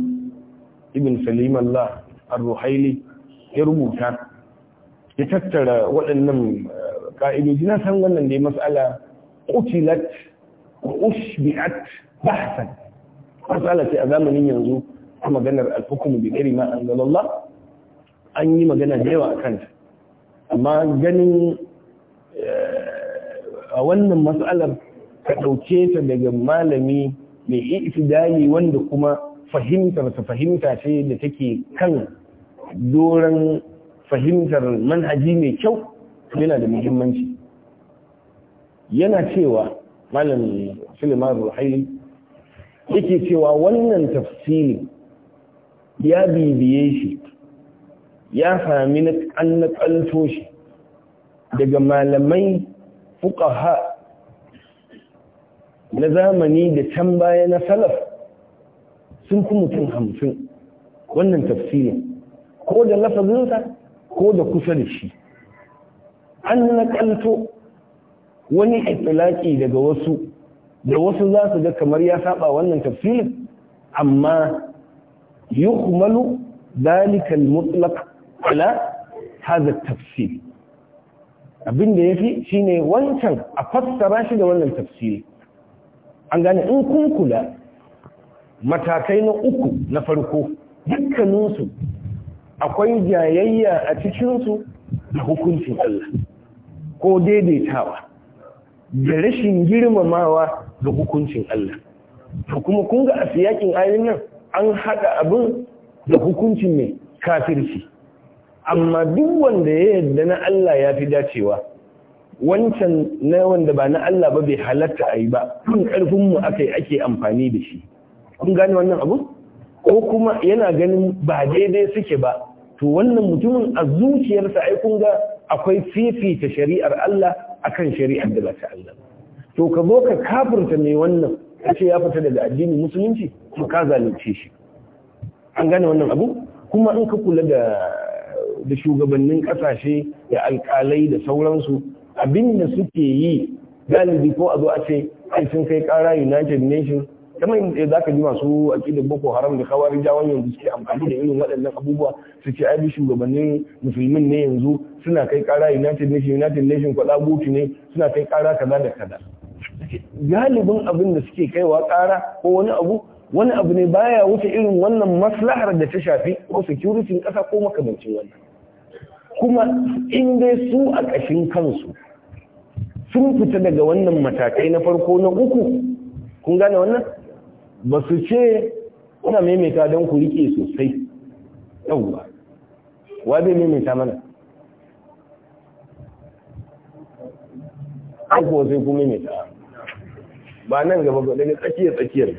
ibn salim ar-ruhaili ya rubuta ya tattara waɗannan eh, ƙa'idoji na san wannan da ya matsala ƙutilat ushbi'at bahsan matsala ce a zamanin yanzu a maganar alhukumu da gari ma anzalallah an yi magana da yawa a kanta amma ganin eh, a wannan matsalar ka ɗauke ta daga malami mai itidali wanda kuma fahimtar ta fahimta ce da take kan doron fahimtar manhaji mai kyau yana da muhimmanci yana cewa malam suleiman ruhaili yake cewa wannan tafsiri ya bibiye shi ya sami an nakalto shi daga malamai fuƙaha na zamani da can baya na salaf sun fi mutum hamsin wannan tafsirin ko da lafazinsa ko da kusa da shi an nakalto wani itilaki daga wasu da wasu za su ga kamar ya saba wannan tafsirin amma yuhmalu dalika al mutlaka. ala hadha tafsir abin da yafi shine wancan a fassara shi da wannan tafsiri an gane in kun kula matakai na uku na farko dukkaninsu akwai jayayya a cikinsu da hukuncin Allah ko daidaitawa da rashin girmamawa da hukuncin Allah to kuma kun ga a siyakin ayoyin nan an haɗa abin da hukuncin mai kafirci amma duk wanda ya yarda na Allah ya fi dacewa wancan na wanda ba na Allah ba bai halatta a yi ba kun karfin mu aka ake amfani da shi kun gane wannan abu ko kuma yana ganin ba daidai suke ba to wannan mutumin a zuciyarsa ai kun ga akwai fifita shari'ar Allah akan shari'ar da ba ta Allah to ka zo ka kafirta mai wannan kace ya fita daga addinin musulunci to ka zalunce shi an gane wannan abu kuma in ka kula da da shugabannin kasashe da alkalai da sauransu abinda suke yi galibi ko a zo a ce ai sun kai kara united nations kamar yadda za ka ji masu da boko haram da kawar jawon yanzu suke amfani da irin waɗannan abubuwa su ce ai shugabannin musulmin ne yanzu suna kai kara united nations united nations kwaɗa boki ne suna kai kara kaza da kaza galibin abin da suke kaiwa kara ko wani abu wani abu ne baya wuce irin wannan maslahar da ta shafi ko security kasa ko makamancin wannan kuma in dai su a ƙashin kansu sun fita daga wannan matakai na farko na uku kun gane wannan ba su ce kuna maimaita don ku rike sosai yauwa wa zai maimaita mana kuwa sai ku maimaita ba nan gaba ga daga tsakiyar tsakiyar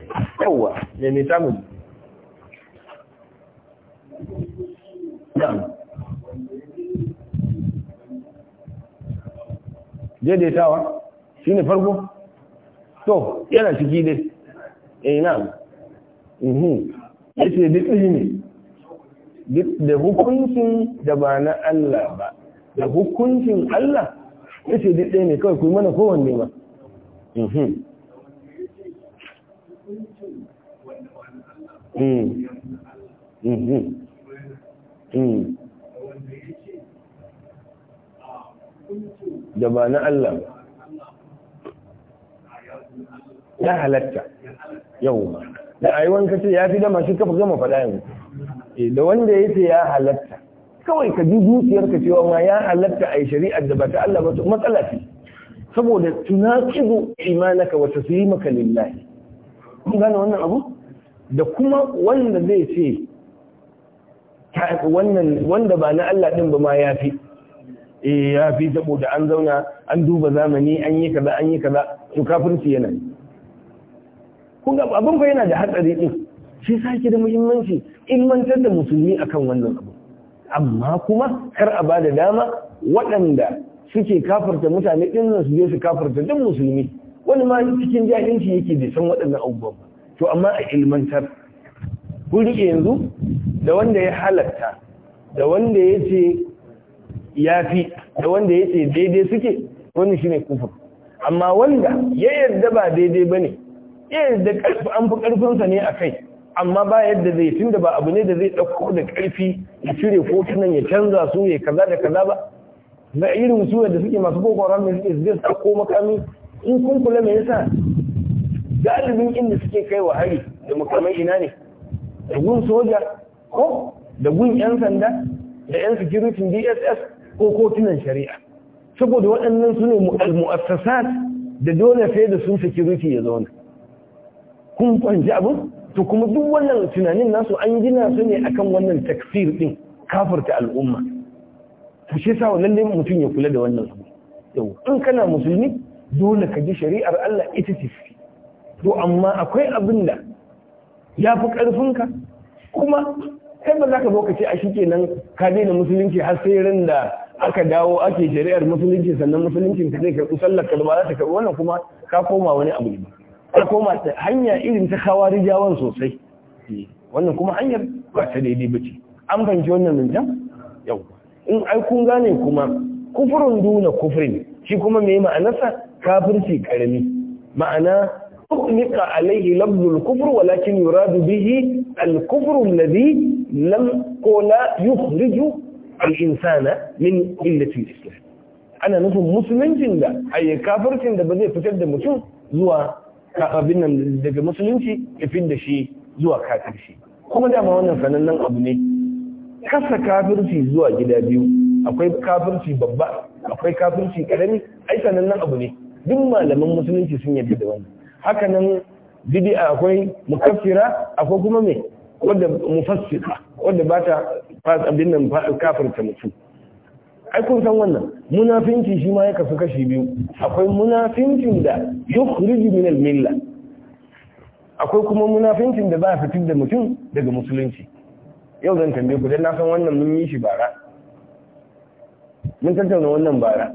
yauwa maimaita mu daidaitawa shi ne farko to yana ciki dai e eh, na uhu mhm. ya ce duk ne da hukuncin da ba na Allah ba da hukuncin Allah ya ce duk ɗaya ne kawai ku mana kowanne ba Mm-hmm. Mhm. Mm. Mm. da ba na Allah ba ya halatta yau da a yi ce ya fi dama shi kafa gama faɗa yanzu eh, da wanda ya ce ya halatta kawai ka ji zuciyar ka cewa ma ya halatta a yi shari'ar da ba ta Allah ba to matsala ce saboda tunaqidu imanaka wa taslimaka lillahi kun gane wannan abu da kuma wanda zai ce wannan wanda ba na Allah din ba ma ya fi. eh ya fi da an zauna an duba zamani an yi kaza an yi kaza to kafirci yana kun ga abin fa yana da hatsari din shi sake da muhimmanci ilmantar da musulmi akan wannan abu amma kuma kar a bada dama waɗanda suke kafarta mutane din nan su je su kafarta duk musulmi wani ma cikin jahilci yake da san waɗannan abubuwan to amma a ilmantar kun rike yanzu da wanda ya halatta da wanda ya ce ya fi da wanda ya ce daidai suke wani shine kufur amma wanda ya yarda ba daidai ba ne ya yarda ƙarfi an fi ƙarfinsa ne a kai amma ba yadda zai tun da ba abu ne da zai ɗauko da karfi ya cire tunan ya canza su ya kaza da kaza ba na irin su da suke masu kokon ramin suke su zai ɗauko makami in kun kula mai yasa galibin inda suke kai wa hari da makamai ina ne da gun soja ko da gun yan sanda da yan security dss ko kotunan shari'a saboda waɗannan su ne mu'assasat da dole sai da sun security ya zauna kun kwanci abin to kuma duk wannan tunanin nasu an gina su ne akan wannan taksir din kafarta al'umma ku shi sa dai mutum ya kula da wannan abu yau in kana musulmi dole ka ji shari'ar Allah ita ce to amma akwai abin da ya fi ƙarfinka kuma kai ba za ka zo ka ce a shi kenan ka daina musulunci har sai ran da aka dawo ake shari'ar musulunci sannan musuluncin ka zai karɓi sallar ka ba za ta karɓi wannan kuma ka koma wani abu ne ka koma ta hanya irin ta kawari jawon sosai wannan kuma hanyar ba ta daidai ba ce an fahimci wannan minta yau in ai kun gane kuma kufurin duna kufurin shi kuma me ma'anarsa kafirci karami ma'ana أطلق عليه لفظ الكفر ولكن يراد به الكفر الذي لم قولا يخرج al'insana min illatin islam ana nufin musuluncin da ayyar kafircin da ba zai fitar da mutum zuwa abin nan daga musulunci ya fi da shi zuwa kafirci kuma dama wannan sanannen abu ne kasa kafirci zuwa gida biyu akwai kafirci babba akwai kafirci karami ai sanannen abu ne duk malaman musulunci sun yarda da wannan haka nan bid'a akwai mukaffira akwai kuma me wanda mufassira wadda ba ta abin nan kafirta mutum ai kun san wannan munafinci shi ma ya kasu kashi biyu akwai munafincin da yukhriju min al-milla akwai kuma munafincin da za a fitar da mutum daga musulunci yau zan tambaye ku dan na san wannan mun yi shi bara mun tattauna wannan bara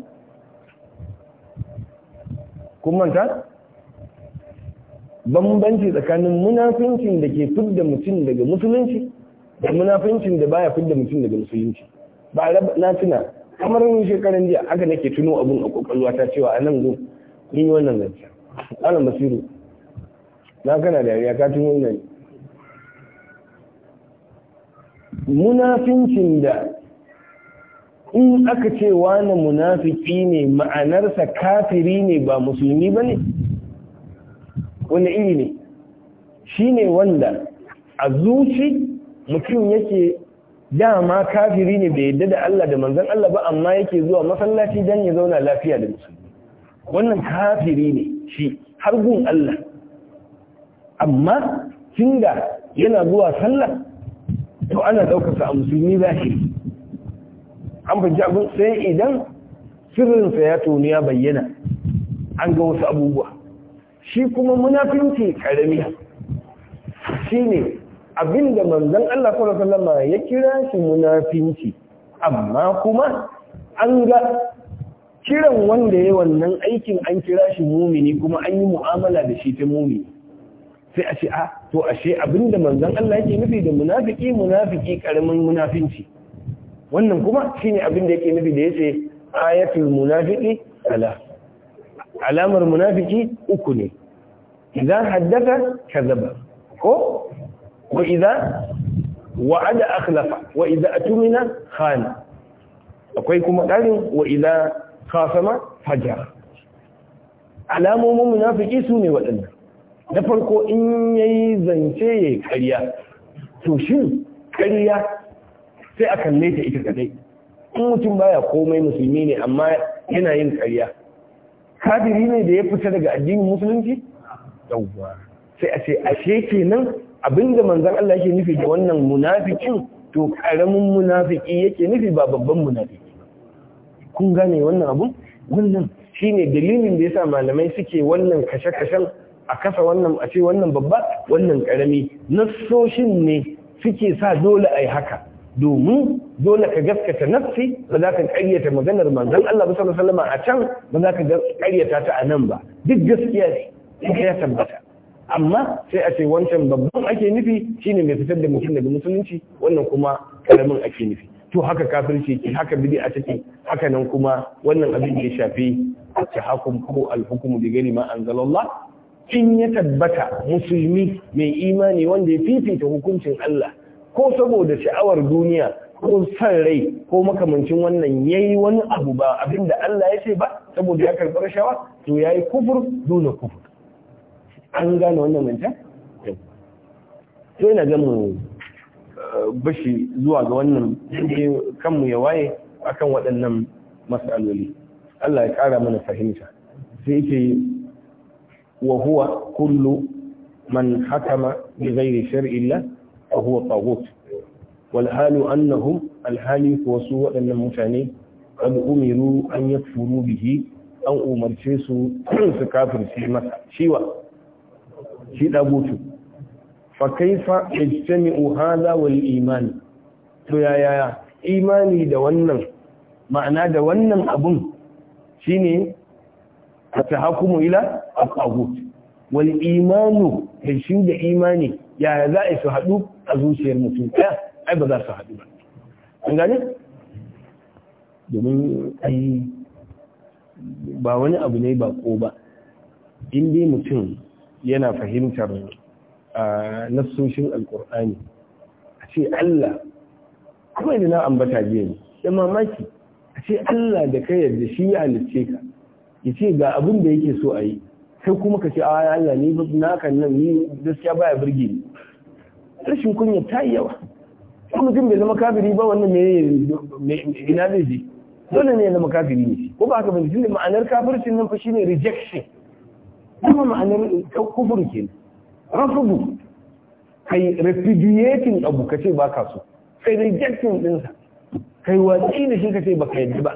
kun manta bambanci tsakanin munafincin da ke fitar da mutum daga musulunci da munafincin da baya fidda mutum daga musulunci ba na tuna kamar yin shekaran jiya haka nake tuno abin a kwakwalwa ta cewa a nan zo yin yi wannan zance ana masiru na kana dariya ka tuno ina munafincin da in aka ce wani munafiki ne ma'anarsa kafiri ne ba musulmi ba ne wani iri ne shi ne wanda a zuci mutum yake dama kafiri ne bai yadda da Allah da manzan Allah ba amma yake zuwa masallaci don ya zauna lafiya da musulmi wannan kafiri ne shi har gun Allah amma tunda yana zuwa sallah to ana daukarsa a musulmi shi. an fahimci abin sai idan sirrinsa ya toni ya bayyana an ga wasu abubuwa shi kuma munafinci karami shi ne abinda manzan Allah sallallahu alaihi ya kira shi munafinci amma kuma an ga kiran wanda ya wannan aikin an kira shi mumini kuma an yi mu'amala da shi ta mumini sai a ce a ah, to ashe abinda manzan Allah yake nufi da munafiki munafiki karamin munafinci wannan kuma shine da yake nufi da yace ayatul munafiki ala alamar munafiki uku ne idan haddasa kazaba ko wa idza wa'ada akhlafa wa idza atumina akwai kuma ƙarin wa idza khasama fajara alamomin munafuki su ne na farko in yayi zance yayi ƙarya to shin ƙarya sai a kalle ita kadai in mutum baya komai musulmi ne amma yana yin ƙarya kafiri ne da ya fita daga addinin musulunci yawwa sai a ce ashe kenan abinda manzan Allah yake nufi da wannan munafikin to karamin munafiki yake nufi ba babban munafiki ba kun gane wannan abun wannan shine dalilin da yasa malamai suke wannan kashe-kashen a kasa wannan a ce wannan babba wannan karami nassoshin ne suke sa dole ai haka domin dole ka gaskata nafsi ba za ka karyata maganar manzan, Allah sallallahu alaihi wasallam a can ba za ka karyata ta a nan ba duk gaskiya ne ya tabbata amma sai a ce wancan babban ake nufi shine mai fitar da mutum daga musulunci wannan kuma karamin ake nufi to haka kafirci ke haka a take haka nan kuma wannan abin da ya shafi hakun ko al da gani ma ma anzalallah in ya tabbata musulmi mai imani wanda ya fifita hukuncin Allah ko saboda sha'awar duniya ko san rai ko makamancin wannan yayi wani abu ba abinda Allah ya ce ba saboda ya karɓar shawa to yayi kufur dole kufur an gane wannan manta? sai na mu eh, bashi zuwa ga wannan kanmu ya waye akan waɗannan matsaloli Allah ya ƙara mana fahimta sai yake wa huwa kullu man hakama bi ghairi illa fa huwa taghut wal halu annahum al hali wasu waɗannan mutane qad umiru an yakfuru bihi an umarce su su kafirci masa shiwa shi dagutu fa kaifa yajtami'u hadha wal iman to yaya imani da wannan ma'ana da wannan abun shine atahakumu ila aqut wal imanu da shi da imani yaya za a su haɗu a zuciyar mutum ɗaya ai ba za su haɗu ba an gane domin ai ba wani abu ne ba ko ba in dai mutum yana fahimtar nassoshin alkur'ani a ce Allah kuma yana ambata jiya ne da mamaki a ce Allah da ka yarda shi ya halicce ka ya ce ga abin da yake so a yi sai kuma ka ce a Allah ni kan nan ni gaskiya baya birge ni rashin kunya ta yi yawa Kuma mutum bai zama kafiri ba wannan me ina zai je dole ne ya zama kafiri ne ko ba haka ba ma'anar kafircin nan fa shine rejection kuma ma'anar kufur ke rafudu kai repudiating abu ka ce ba ka so kai rejecting ɗinsa kai watsi da shi ka ce ba ka yadda ba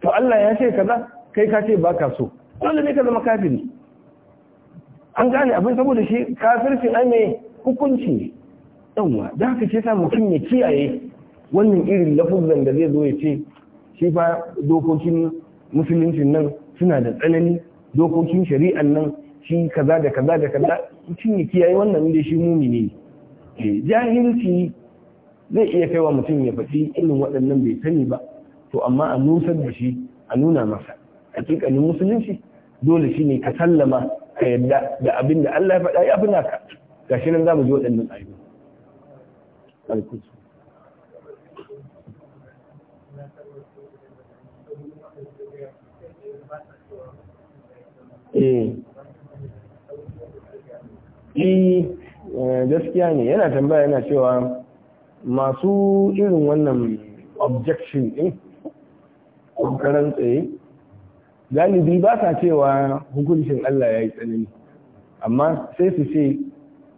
to Allah ya ce kaza kai ka ce ba ka so dole ne ka zama kafiri an gane abin saboda shi kafirci ai mai hukunci ne yawwa da haka ce sa mutum ya kiyaye wannan irin lafuzan da zai zo ya ce shi fa dokokin musulunci nan suna da tsanani dokokin shari'an nan shi kaza da kaza da kaza mutum ya kiyaye wannan inda shi mumini ne eh, jahilci zai iya kaiwa mutum ya faɗi irin waɗannan bai sani ba to amma a nusar da shi a nuna masa A hakikanin musulunci dole shi ne ka sallama a yadda da abin da Allah ya faɗa ya fi naka shi nan za mu ji waɗannan ayyuka Eh. eh gaskiya ne yana tambaya yana cewa masu irin wannan objection ɗin ƙoƙarin tsaye galibi ba sa cewa hukuncin Allah ya yi tsanani amma sai su ce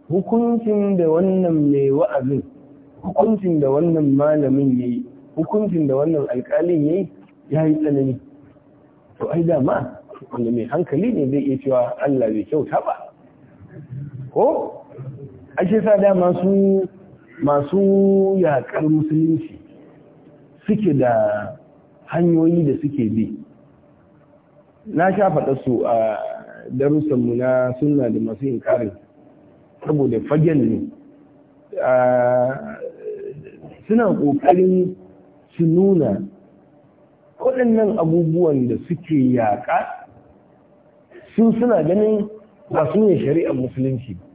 hukuncin da wannan mai wa'azin hukuncin da wannan malamin ya yi hukuncin da wannan alƙalin ya yi ya yi tsanani to ai dama wanda mai hankali ne zai iya cewa Allah bai kyauta ba ko ashe sa da masu masu yaƙar musulunci suke da hanyoyi da suke bi na sha faɗa su a darussanmu na suna da masu yin ƙarin saboda fagen ne suna ƙoƙarin su nuna waɗannan abubuwan da suke yaƙa sun suna ganin ba su ne shari'ar musulunci ba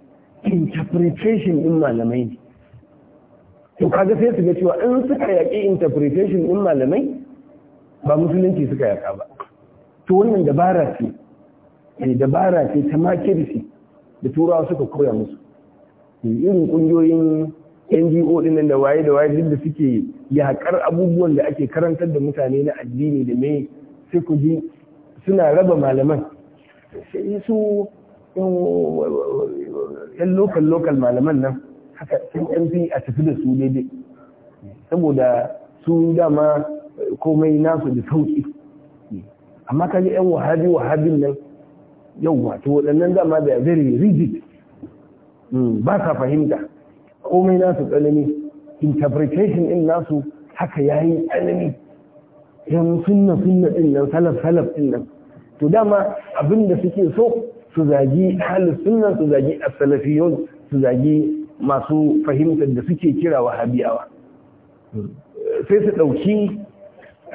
interpretation din malamai ne to kaga sai su ga cewa in suka yaƙi interpretation din malamai ba musulunci suka yaƙa ba to wannan dabara ce ne eh, dabara ce ta makirci da turawa suka koya musu irin ƙungiyoyin NGO ɗin da waye da waye duk da suke yaƙar abubuwan da ake karantar da mutane na addini da mai sai ku ji suna raba malaman su yan lokal lokal malaman nan haka yan fi a tafi da su daidai saboda su dama komai nasu da sauki amma kaji yan wahabi wahabin nan yau wato waɗannan dama da very rigid hmm, ba sa fahimta komai nasu tsanani interpretation in nasu haka yayi tsanani yan sunna sunna din nan salaf salaf din nan to dama abin da suke so su zagi halin sunan su zagi asalafiyon su zagi masu fahimtar da suke kira wahabiyawa sai su ɗauki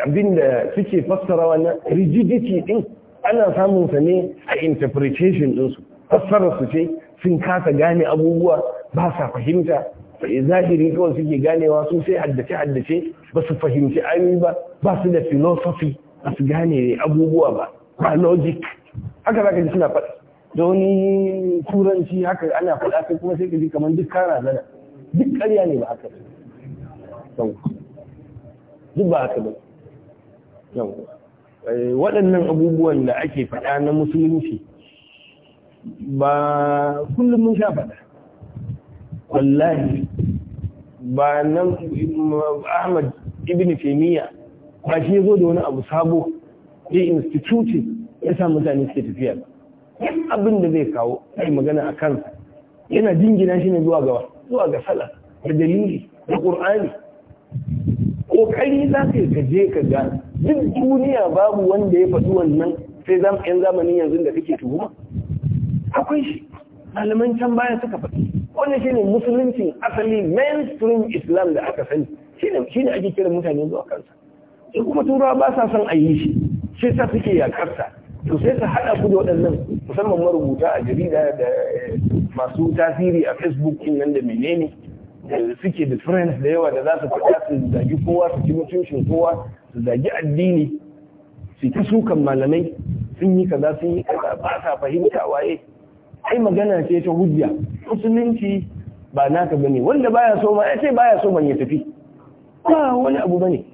abin da suke fassara na rigidity din ana samun sa ne a interpretation ɗinsu Fassara su ce sun kasa gane abubuwa ba sa fahimta zahiri kawai suke ganewa sun sai haddace haddace ba su fahimci ayoyi ba ba su da philosophy ba su gane abubuwa ba logic haka za ka ji suna faɗi da wani turanci haka ana faɗa kai kuma sai ka ji kamar duk kara zana duk ƙarya ne ba haka yau duk ba haka ba yau eh, waɗannan abubuwan da ake faɗa na musulunci ba kullum mun sha faɗa wallahi ba nan ahmad ibn taimiyya ba shi zo da wani abu sabo ya institute ya sa mutane suke tafiya abin da zai kawo ai magana a kansa yana jingina shi ne zuwa gawa zuwa ga sala da dalili da ƙur'ani ƙoƙari za ka ka je ka ga duk duniya babu wanda ya faɗi wannan sai yan zamanin yanzu da kake tuhuma akwai shi malaman can baya suka faɗi wannan shine musulunci asali mainstream islam da aka sani shine shine ake kira mutane zuwa kansa sai kuma turawa ba sa son a yi shi shi sa suke yakarsa to sai su haɗa ku da waɗannan musamman marubuta a jarida da eh, masu tasiri a facebook ɗin nan da menene suke da friends da yawa da za su faɗa su zagi kowa su ci mutuncin kowa su zagi addini su ta sukan malamai sun yi kaza sun yi kaza ba sa fahimta waye ai magana ce ta hujja musulunci ba naka bane wanda baya so ma ya ce baya so ban ya tafi ba wani abu bane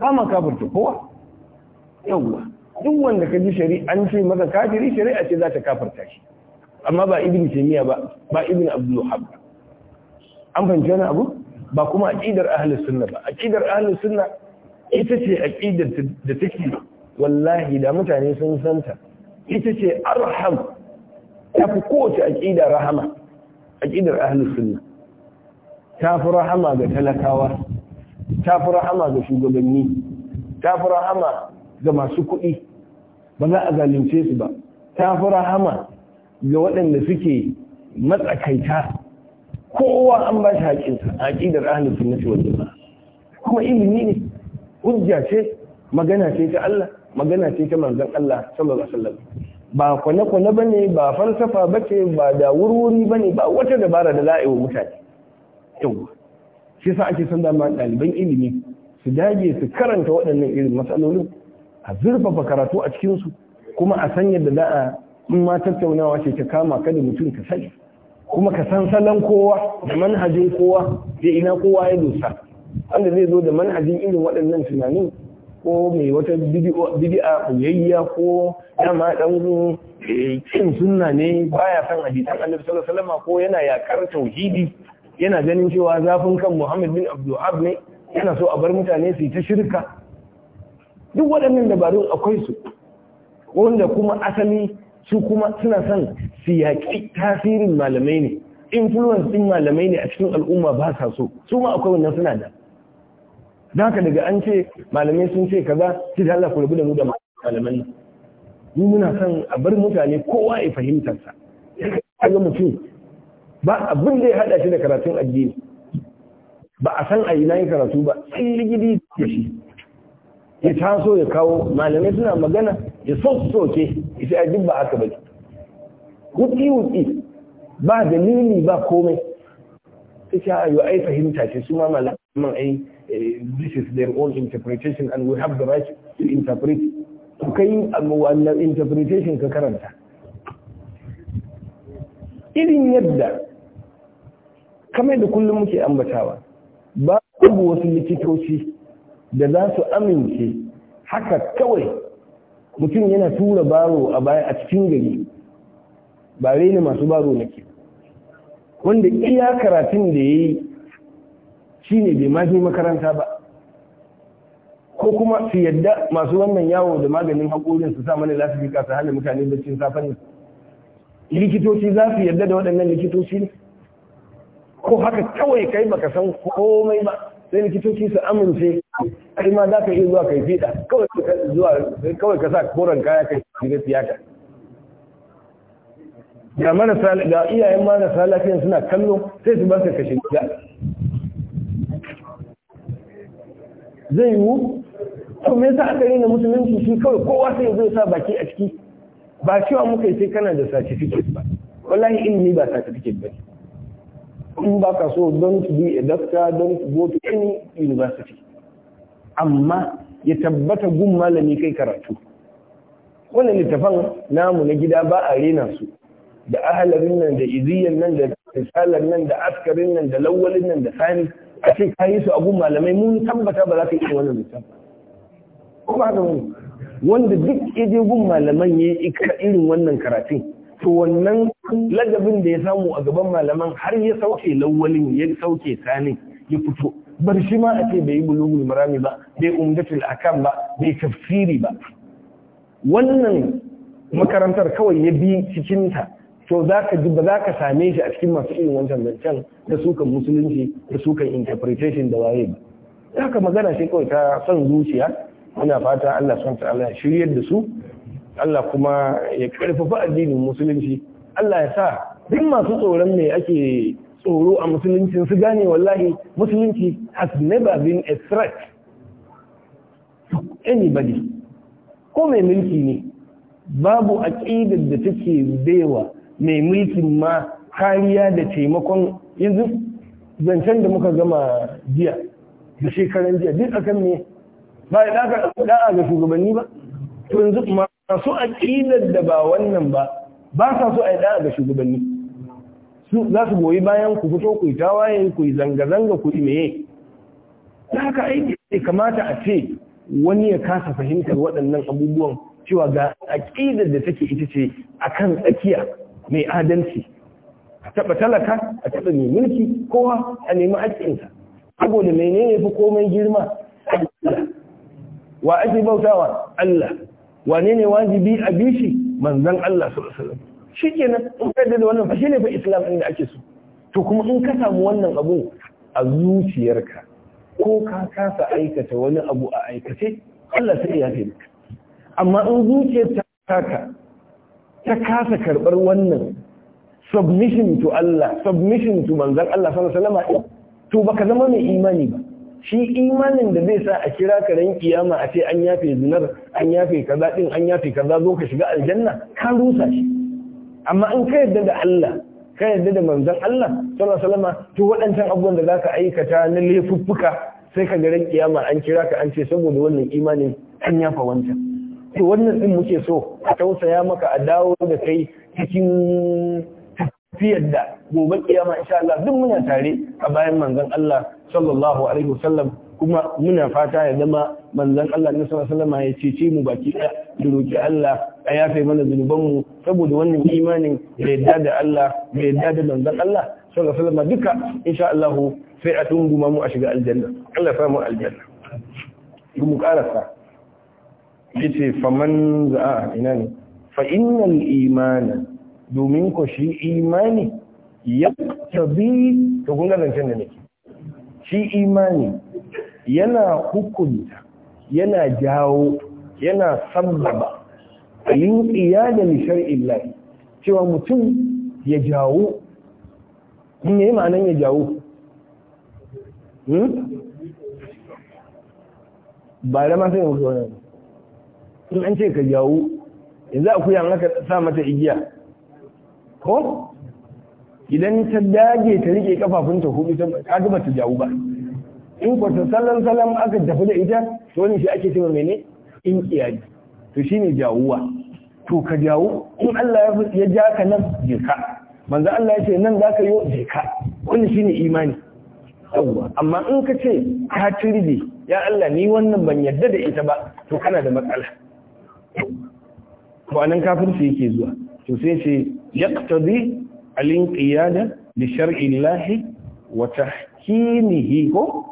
ba ma kafirta kowa yawwa duk wanda ka ji shari'a an ce maka kafiri shari'a ce za ta kafarta shi amma ba ibn taymiya ba ba ibn abdul wahhab an fahimci wani abu ba kuma aqidar ahli sunna ba aqidar ahli sunna ita ce aqidar da take wallahi da mutane sun santa ita ce arham ta fi kowace aqida rahama aqidar ahli sunna ta fi rahama ga talakawa ta fi rahama ga shugabanni ta fi rahama ga masu kuɗi ba za a zalunce su ba ta fi rahama ga waɗanda suke matsakaita kowa an ba shi haƙinsa a aƙidar na sunnati wajen ba. kuma ilimi ne hujja ce magana ce ta Allah magana ce ta manzon Allah sallallahu alaihi ba kwane-kwane ba ne ba falsafa ba ce ba da wurwuri ba ne ba wata dabara da za a yi mutane Yau. shi sa ake son ma ɗaliban ilimi su dage su karanta waɗannan irin matsalolin a zurfafa karatu a cikinsu kuma a san yadda za a in ma tattaunawa ce ta kama kada mutum ka sani kuma ka san salon kowa da manhajin kowa da ina kowa ya dosa wanda zai zo da manhajin irin waɗannan tunanin ko mai wata bidi'a buyayya ko dama dan eh, cin sunna ne baya san hadisan Annabi sallallahu alaihi wasallam ko yana yakar tauhidi yana ganin cewa zafin kan Muhammad bin Abdul ne yana so a bar mutane su yi ta shirka duk waɗannan dabarun akwai su wanda kuma asali su kuma suna son su yaƙi tasirin malamai ne influence ɗin malamai ne a cikin al'umma ba sa so su ma akwai wannan suna da haka daga an ce malamai sun ce kaza sai da Allah ku rabu da mu da malaman nan mu muna son a bar mutane kowa ya fahimtar sa kaga mutum ba abin da ya hada shi da karatun addini ba a san a yi nayi karatu ba sai ligidi da shi ya taso ya kawo malamai suna magana ya sossoke ita a duk ba haka ba ne wutsi wutsi ba dalili ba komai ta ce yi aifa fahimta ce su ma malaman ai eh, this is their own interpretation and we have the right to interpret to kai wannan interpretation ka karanta irin yadda kamar da kullum muke ambatawa babu wasu likitoci da za su amince haka kawai mutum yana tura baro a baya a cikin gari ba ne masu baro nake wanda iya karatun da ya yi shi ne bai ma makaranta ba ko kuma su yadda masu wannan yawo da maganin haƙorin su sa mana za su hana mutane baccin safen likitoci za su yadda da waɗannan likitoci ne ko haka kawai kai baka san komai ba sai likitoci su amince kai ma za ka iya zuwa kai fiɗa kawai ka sa koren kaya kai shiga tiyata ga ga iyayen marasa lafiyan suna kallo sai su barka ka shiga zai yiwu to me yasa aka rena musulunci shi kawai kowa sai zai sa baki a ciki ba cewa muka yi sai kana da certificate ba wallahi ilimi ba certificate ba ne in ba ka so don to be a doctor don to go to any university amma ya tabbata gun malami kai karatu wannan littafan namu na gida ba a rena su da ahalarin nan da iziyan nan da risalar nan da askarin nan da lawalin nan da sani a ce ka yi su a gun malamai mun tabbata ba za ka yi wannan littafin wanda duk ya je gun malaman ya yi irin wannan karatun to wannan lagabin da ya samu a gaban malaman har ya sauke lawalin ya sauke sani ya fito bar shi ma a ce bai yi bulugul marami ba bai umdatul akam ba bai tafsiri ba wannan makarantar kawai ya bi cikinta to za ka ji ba za ka same shi a cikin masu irin wancan zancen da sukan musulunci da sukan interpretation da waye ba za ka magana shi kawai ta son zuciya ina fata Allah subhanahu wa ta'ala shiryar da su Allah kuma ya karfafa addinin musulunci Allah ya sa duk masu tsoron me ake tsoro a musulunci su gane wallahi musulunci has never been a threat to anybody ko mai mulki ne babu aqidar da take baiwa mai mulkin ma kariya da taimakon yanzu zancen da muka gama jiya da shekaran jiya duk akan ne ba da aka ga shugabanni ba to yanzu kuma a su aƙidar da ba wannan ba ba sa so a yi ɗaya ga shugabanni su za su goyi bayan ku fito ku yi tawaye ku yi zanga-zanga ku yi meye ta haka aiki sai kamata a ce wani ya kasa fahimtar waɗannan abubuwan cewa ga aƙidar da take ita ce a kan tsakiya mai adalci a taɓa talaka a taɓa mai mulki kowa a nemi haƙƙinsa saboda menene fi komai girma wa ake bautawa Allah wane ne wajibi a bishi manzan Allah sallallahu alaihi wasallam nan in ka da wannan fa ne fa islam inda ake so to kuma in ka samu wannan abu a zuciyarka ko ka kasa aikata wani abu a aikace Allah sai ya taimaka amma in zuciyarka taka ta kasa karbar wannan submission to Allah submission to manzan Allah sallallahu alaihi wasallam to baka zama mai imani ba shi imanin da zai sa a kira ka ran kiyama a ce an yafe zinar an yafe kaza din an yafe kaza zo ka shiga aljanna ka rusa shi amma in ka yarda da Allah ka yarda da manzon Allah sallallahu alaihi wasallam to waɗancan abubuwan da zaka aikata na laifuffuka sai ka ga ran kiyama an kira ka an ce saboda wannan imanin an yafa wancan to wannan din muke so a tausaya maka a dawo da kai cikin fiye da gobe kiyama insha Allah duk muna tare a bayan manzon Allah sallallahu alaihi wasallam kuma muna fata ya zama manzon Allah ne sallallahu alaihi wasallam ya cece mu baki da roki Allah a yafe mana zunuban mu saboda wannan imanin da yadda da Allah da yadda da manzon Allah sallallahu alaihi wasallam duka insha Allah sai a tunguma mu a shiga aljanna Allah ya mu aljanna mu karasa yace faman za'a ina ne fa innal imana domin ku shi imani ya tabi ta kun zancen da nake shi imani yana hukunta yana jawo yana sabbaba yin iyada li shar'illahi cewa mutum ya jawo me ma'anan ya jawo hmm? ba da ma sai mu zo in an ce ka jawo yanzu akuya an aka sa mata igiya ko idan ta dage ta rike kafafunta hudu ta ga ta jawo ba in ko ta sallan sallan aka tafi da ita to wani shi ake cewa mene in kiyari to shine jawuwa to ka jawo in Allah ya ja ka nan je ka manzo Allah ya ce nan zaka yo je ka wannan shine imani yawwa amma in ka ce ka turbe ya Allah ni wannan ban yadda da ita ba to kana da matsala to anan kafirci yake zuwa to sai ce yaqtadi al-inqiyada li shar'i Allah wa tahkimihi ko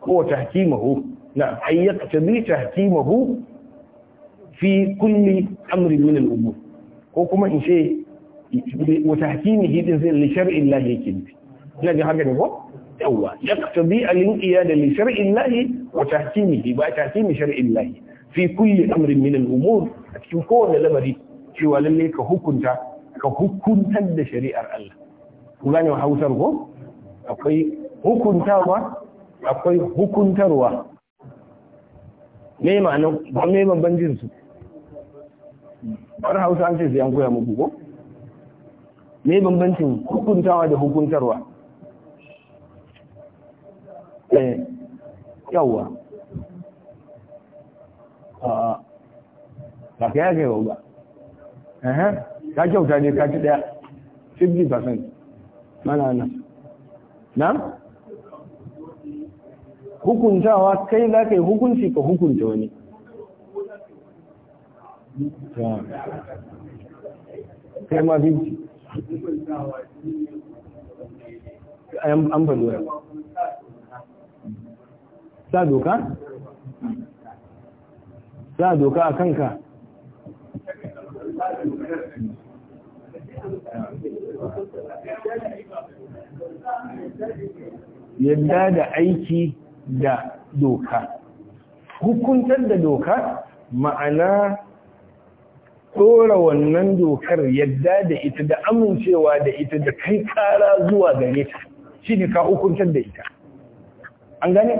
ko tahkimahu fi kulli amrin min al ko kuma in ce wa tahkimihi din zai li shar'i ina ga haka ko yawa yaqtadi al-inqiyada li shar'i fi kulli cikin kowane lamari cewa lalle ka hukunta ka hukuntar da shari'ar Allah ku gane hausar ko akwai hukuntawa akwai hukuntarwa me ma'ana ba me bambancin su har hausa an ce sai an koya muku ko me bambancin hukuntawa da hukuntarwa eh yawa. a ba ka yake ba ka kyauta ne ka ci daya 50% mana nan na hukuntawa kai za ka yi hukunci ka hukunta wani kai ma binci an ba doya sa doka sa doka a kanka yadda da aiki da doka hukuntar da doka ma'ana tsora wannan dokar yadda da ita da amincewa da ita da kai kara zuwa gare ta shi ne ka hukuntar da ita an gane?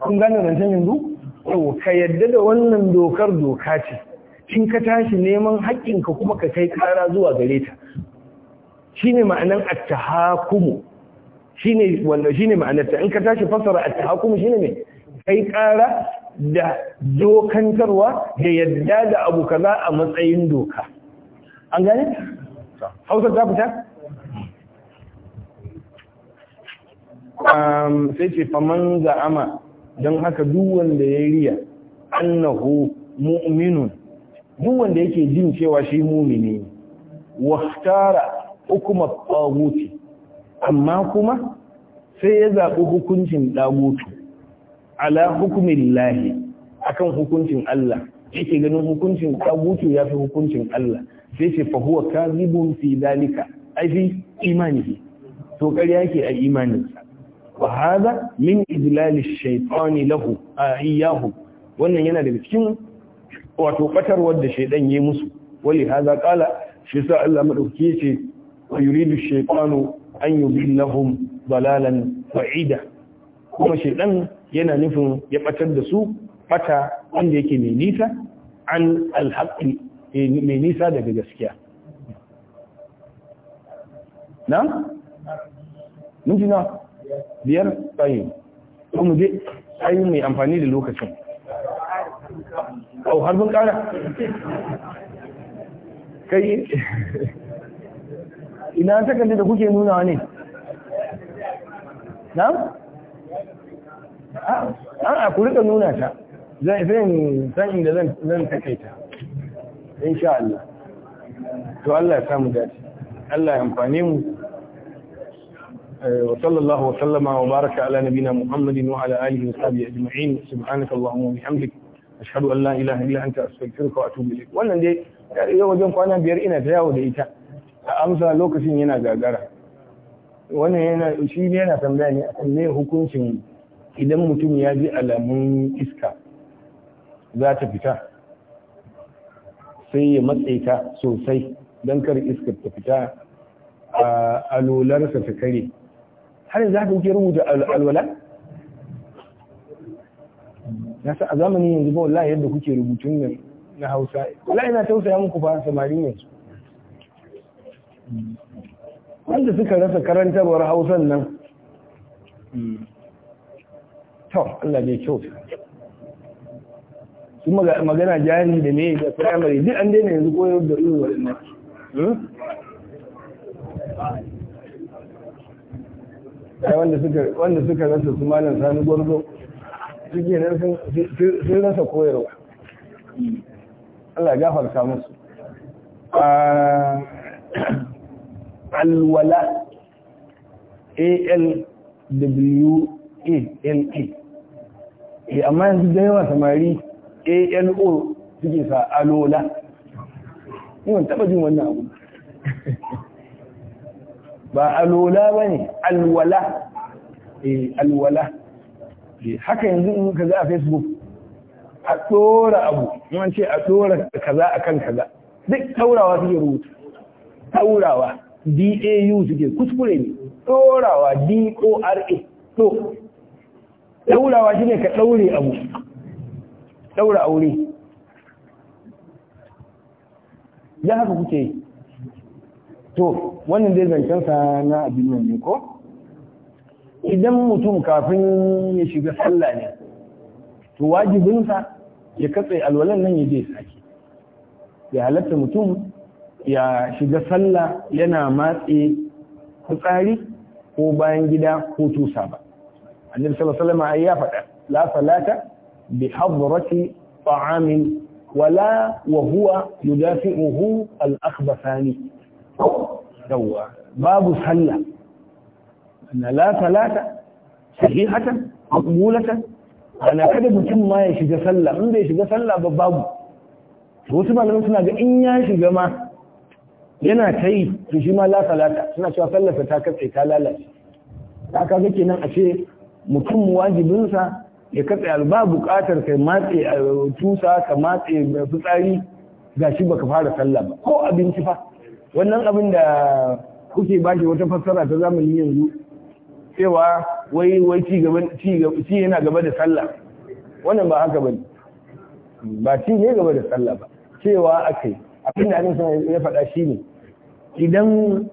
kun gane rancen yanzu? yau ka yadda da wannan dokar doka ce shi ka tashi neman haƙƙinka kuma ka kai ƙara zuwa gare ta shi ne ma'anan attahakumu shi ne wanda shi ne ma'anar ta in ka tashi fasara a ta attahakumu shi ne mai kai ƙara da dokantarwa da yadda da abu ka za a matsayin doka an gane? hausar ta fita? sai ce faman za'ama don haka duwanda wanda ya riya annahu mu'minun duk wanda yake jin cewa shi mumini wahtara hukuma tawuti amma kuma sai ya zaɓi hukuncin dagutu ala hukumin akan hukuncin Allah yake ganin hukuncin dagutu ya fi hukuncin Allah sai ce fa huwa kazibun fi dalika ai fi to ƙarya yake a imani wa hada min idlalish shaytani lahu a wannan yana daga cikin wato batarwar da shaidan ya musu wali haza kala shi sa Allah madauki ce wa yuridu shaytanu an yubillahum dalalan fa'ida. kuma shaidan yana nufin ya batar da su fata wanda yake mai nisa an alhaqi mai nisa daga gaskiya na? mun jina na biyar tsayin kuma dai tsayin mai amfani da lokacin au har mun kara kai ina takarda da kuke nunawa ne na? a ku rika nuna ta zai san inda zan takaita insha Allah to Allah ya samu dace Allah ya amfane mu وصلى الله وسلم وبارك على نبينا محمد وعلى آله وصحبه أجمعين سبحانك اللهم وبحمدك ashhadu an la ilaha illa anta astaghfiruka wa atubu ilayk wannan dai yau wajen kwana biyar ina ta yawo da ita a amsa lokacin yana gagara wannan yana shi ne yana tambaya ne akan me hukuncin idan mutum ya ji alamun iska za ta fita sai ya matse ta sosai don kar iska ta fita a alolarsa ta kare har yanzu haka kuke rubuta alwala na sa a zamanin yanzu ba wallahi yadda kuke rubutun nan na Hausa wallahi ina tausaya muku fa samari yanzu wanda suka rasa karantarwar Hausan nan to Allah ne kyau su magana jari da ne da primary duk an daina yanzu koyar da irin waɗannan hmm? wanda suka rasa su malam sani gwarzo su ke nan sun rasa koyarwa Allah ya gafarta musu ah, alwala alwla e eh, amma yanzu da yawa samari alo suke sa alola yawan taɓa jin wannan abu ba alola ba ne alwala e alwala haka yanzu in ka za a facebook a tsora abu in ce a tsora kaza a kan kaza duk taurawa suke rubuta taurawa dau suke kuskure ne tsorawa dora to taurawa shi ne ka daure abu daura aure ya haka kuke to wannan dai zancensa na abin nan ne ko idan mutum kafin ya shiga sallah ne to wajibinsa ya katse alwalan nan ya je sake ya halatta mutum ya shiga sallah yana matse fitsari ko bayan gida ko tusa ba annabi sallallahu alaihi wasallam ya faɗa la salata bi hadrati ta'amin wala wa huwa yudafi'uhu al-akhbathani babu sallah la salata sahihatan maqbulatan ana kada mutum ma ya shiga sallah in bai shiga sallah ba babu wasu malaman suna ga in ya shiga ma yana ta yi to shi ma la salata suna cewa sallarsa ta katse ta lalace ta kaga kenan a ce mutum wajibinsa ya katse alba bukatar kai matse tusa ka matse fitsari gashi baka fara sallah ba ko abinci fa wannan abin da kuke bashi wata fassara ta zamani yanzu cewa wai wai ci yana gaba da sallah wannan ba haka bane ba ci ne gaba da sallah ba cewa akai abin da annabi ya faɗa shine idan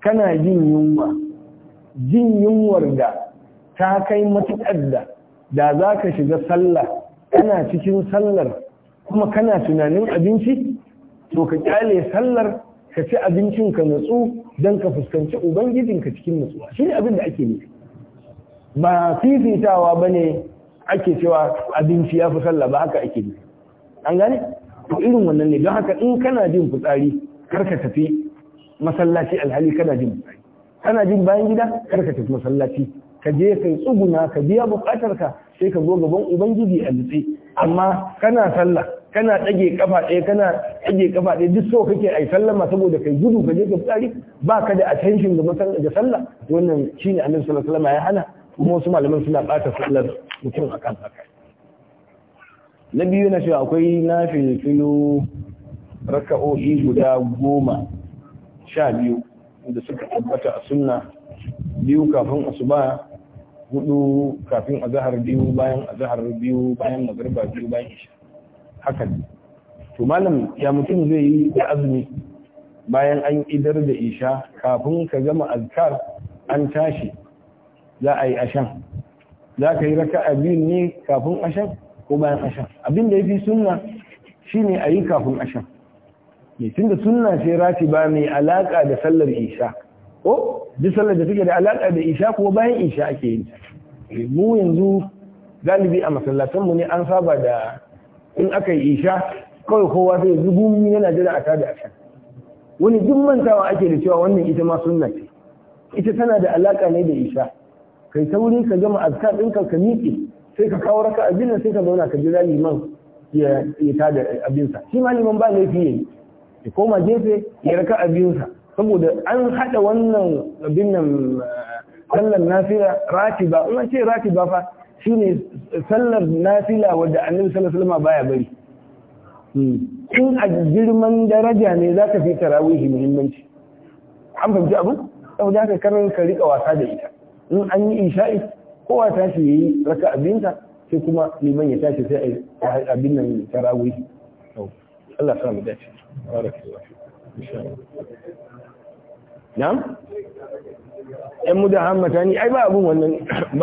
kana jin yunwa jin yunwar da ta kai matuƙar da da za ka shiga sallah kana cikin sallar kuma kana tunanin abinci to ka kyale sallar ka ci abincin ka natsu don ka fuskanci ubangijinka cikin natsuwa shi ne abin da ake nufi ba fifitawa ba ne ake cewa abinci ya fi sallah ba haka ake nufi an gane to irin wannan ne don haka in kana jin fitsari kar ka tafi masallaci alhali kana jin fitsari kana jin bayan gida karka tafi masallaci ka je kai tsuguna ka biya bukatarka sai ka zo gaban ubangiji a nutse amma kana sallah kana ɗage kafa ɗaya kana ɗage kafa ɗaya duk so kake ai sallama saboda kai gudu ka je ka fitsari ba ka da attention ga da sallah wannan shine annabi sallallahu alaihi ya hana kuma wasu malaman suna ɓata sallar mutum a kan haka na biyu na cewa akwai na filfilo raka'o'i guda goma sha biyu da suka tabbata a sunna biyu kafin asuba hudu kafin azahar biyu bayan azahar biyu bayan magriba biyu bayan isha haka ne to malam ya mutum zai yi da azumi bayan an idar da isha kafin ka gama azkar an tashi za a yi ashan za ka yi raka abin ne kafin ashan ko bayan ashan abin da ya fi sunna shine a yi kafin ashan ne da sunna ce rati ba mai alaka da sallar isha ko duk sallar da take da alaka da isha ko bayan isha ake yin eh, mu yanzu galibi a masallatanmu ne an saba da in aka yi isha kawai kowa sai zubu yana jira a da can wani duk mantawa ake da cewa wannan ita ma sunna ce ita tana da alaka ne da isha kai sauri ka gama azkar ɗinka ka miƙe sai ka kawo raka abin sai ka zauna ka jira liman ya da abinsa shi ma liman ba laifi yayi ya koma gefe ya raka abinsa saboda an haɗa wannan abin nan eh, sallan nasira ratiba in ce ratiba fa shine sallar nafila wadda annabi sallallahu alaihi baya bari in a girman daraja ne za ka fi tarawihi muhimmanci an fahimci abin saboda haka karar ka rika wasa da ita in an yi isha'i kowa tashi yayi raka abinta sai kuma liman ya tashi sai a abin nan tarawihi Allah sa mu dace barakallahu insha Allah na'am ai ba abun wannan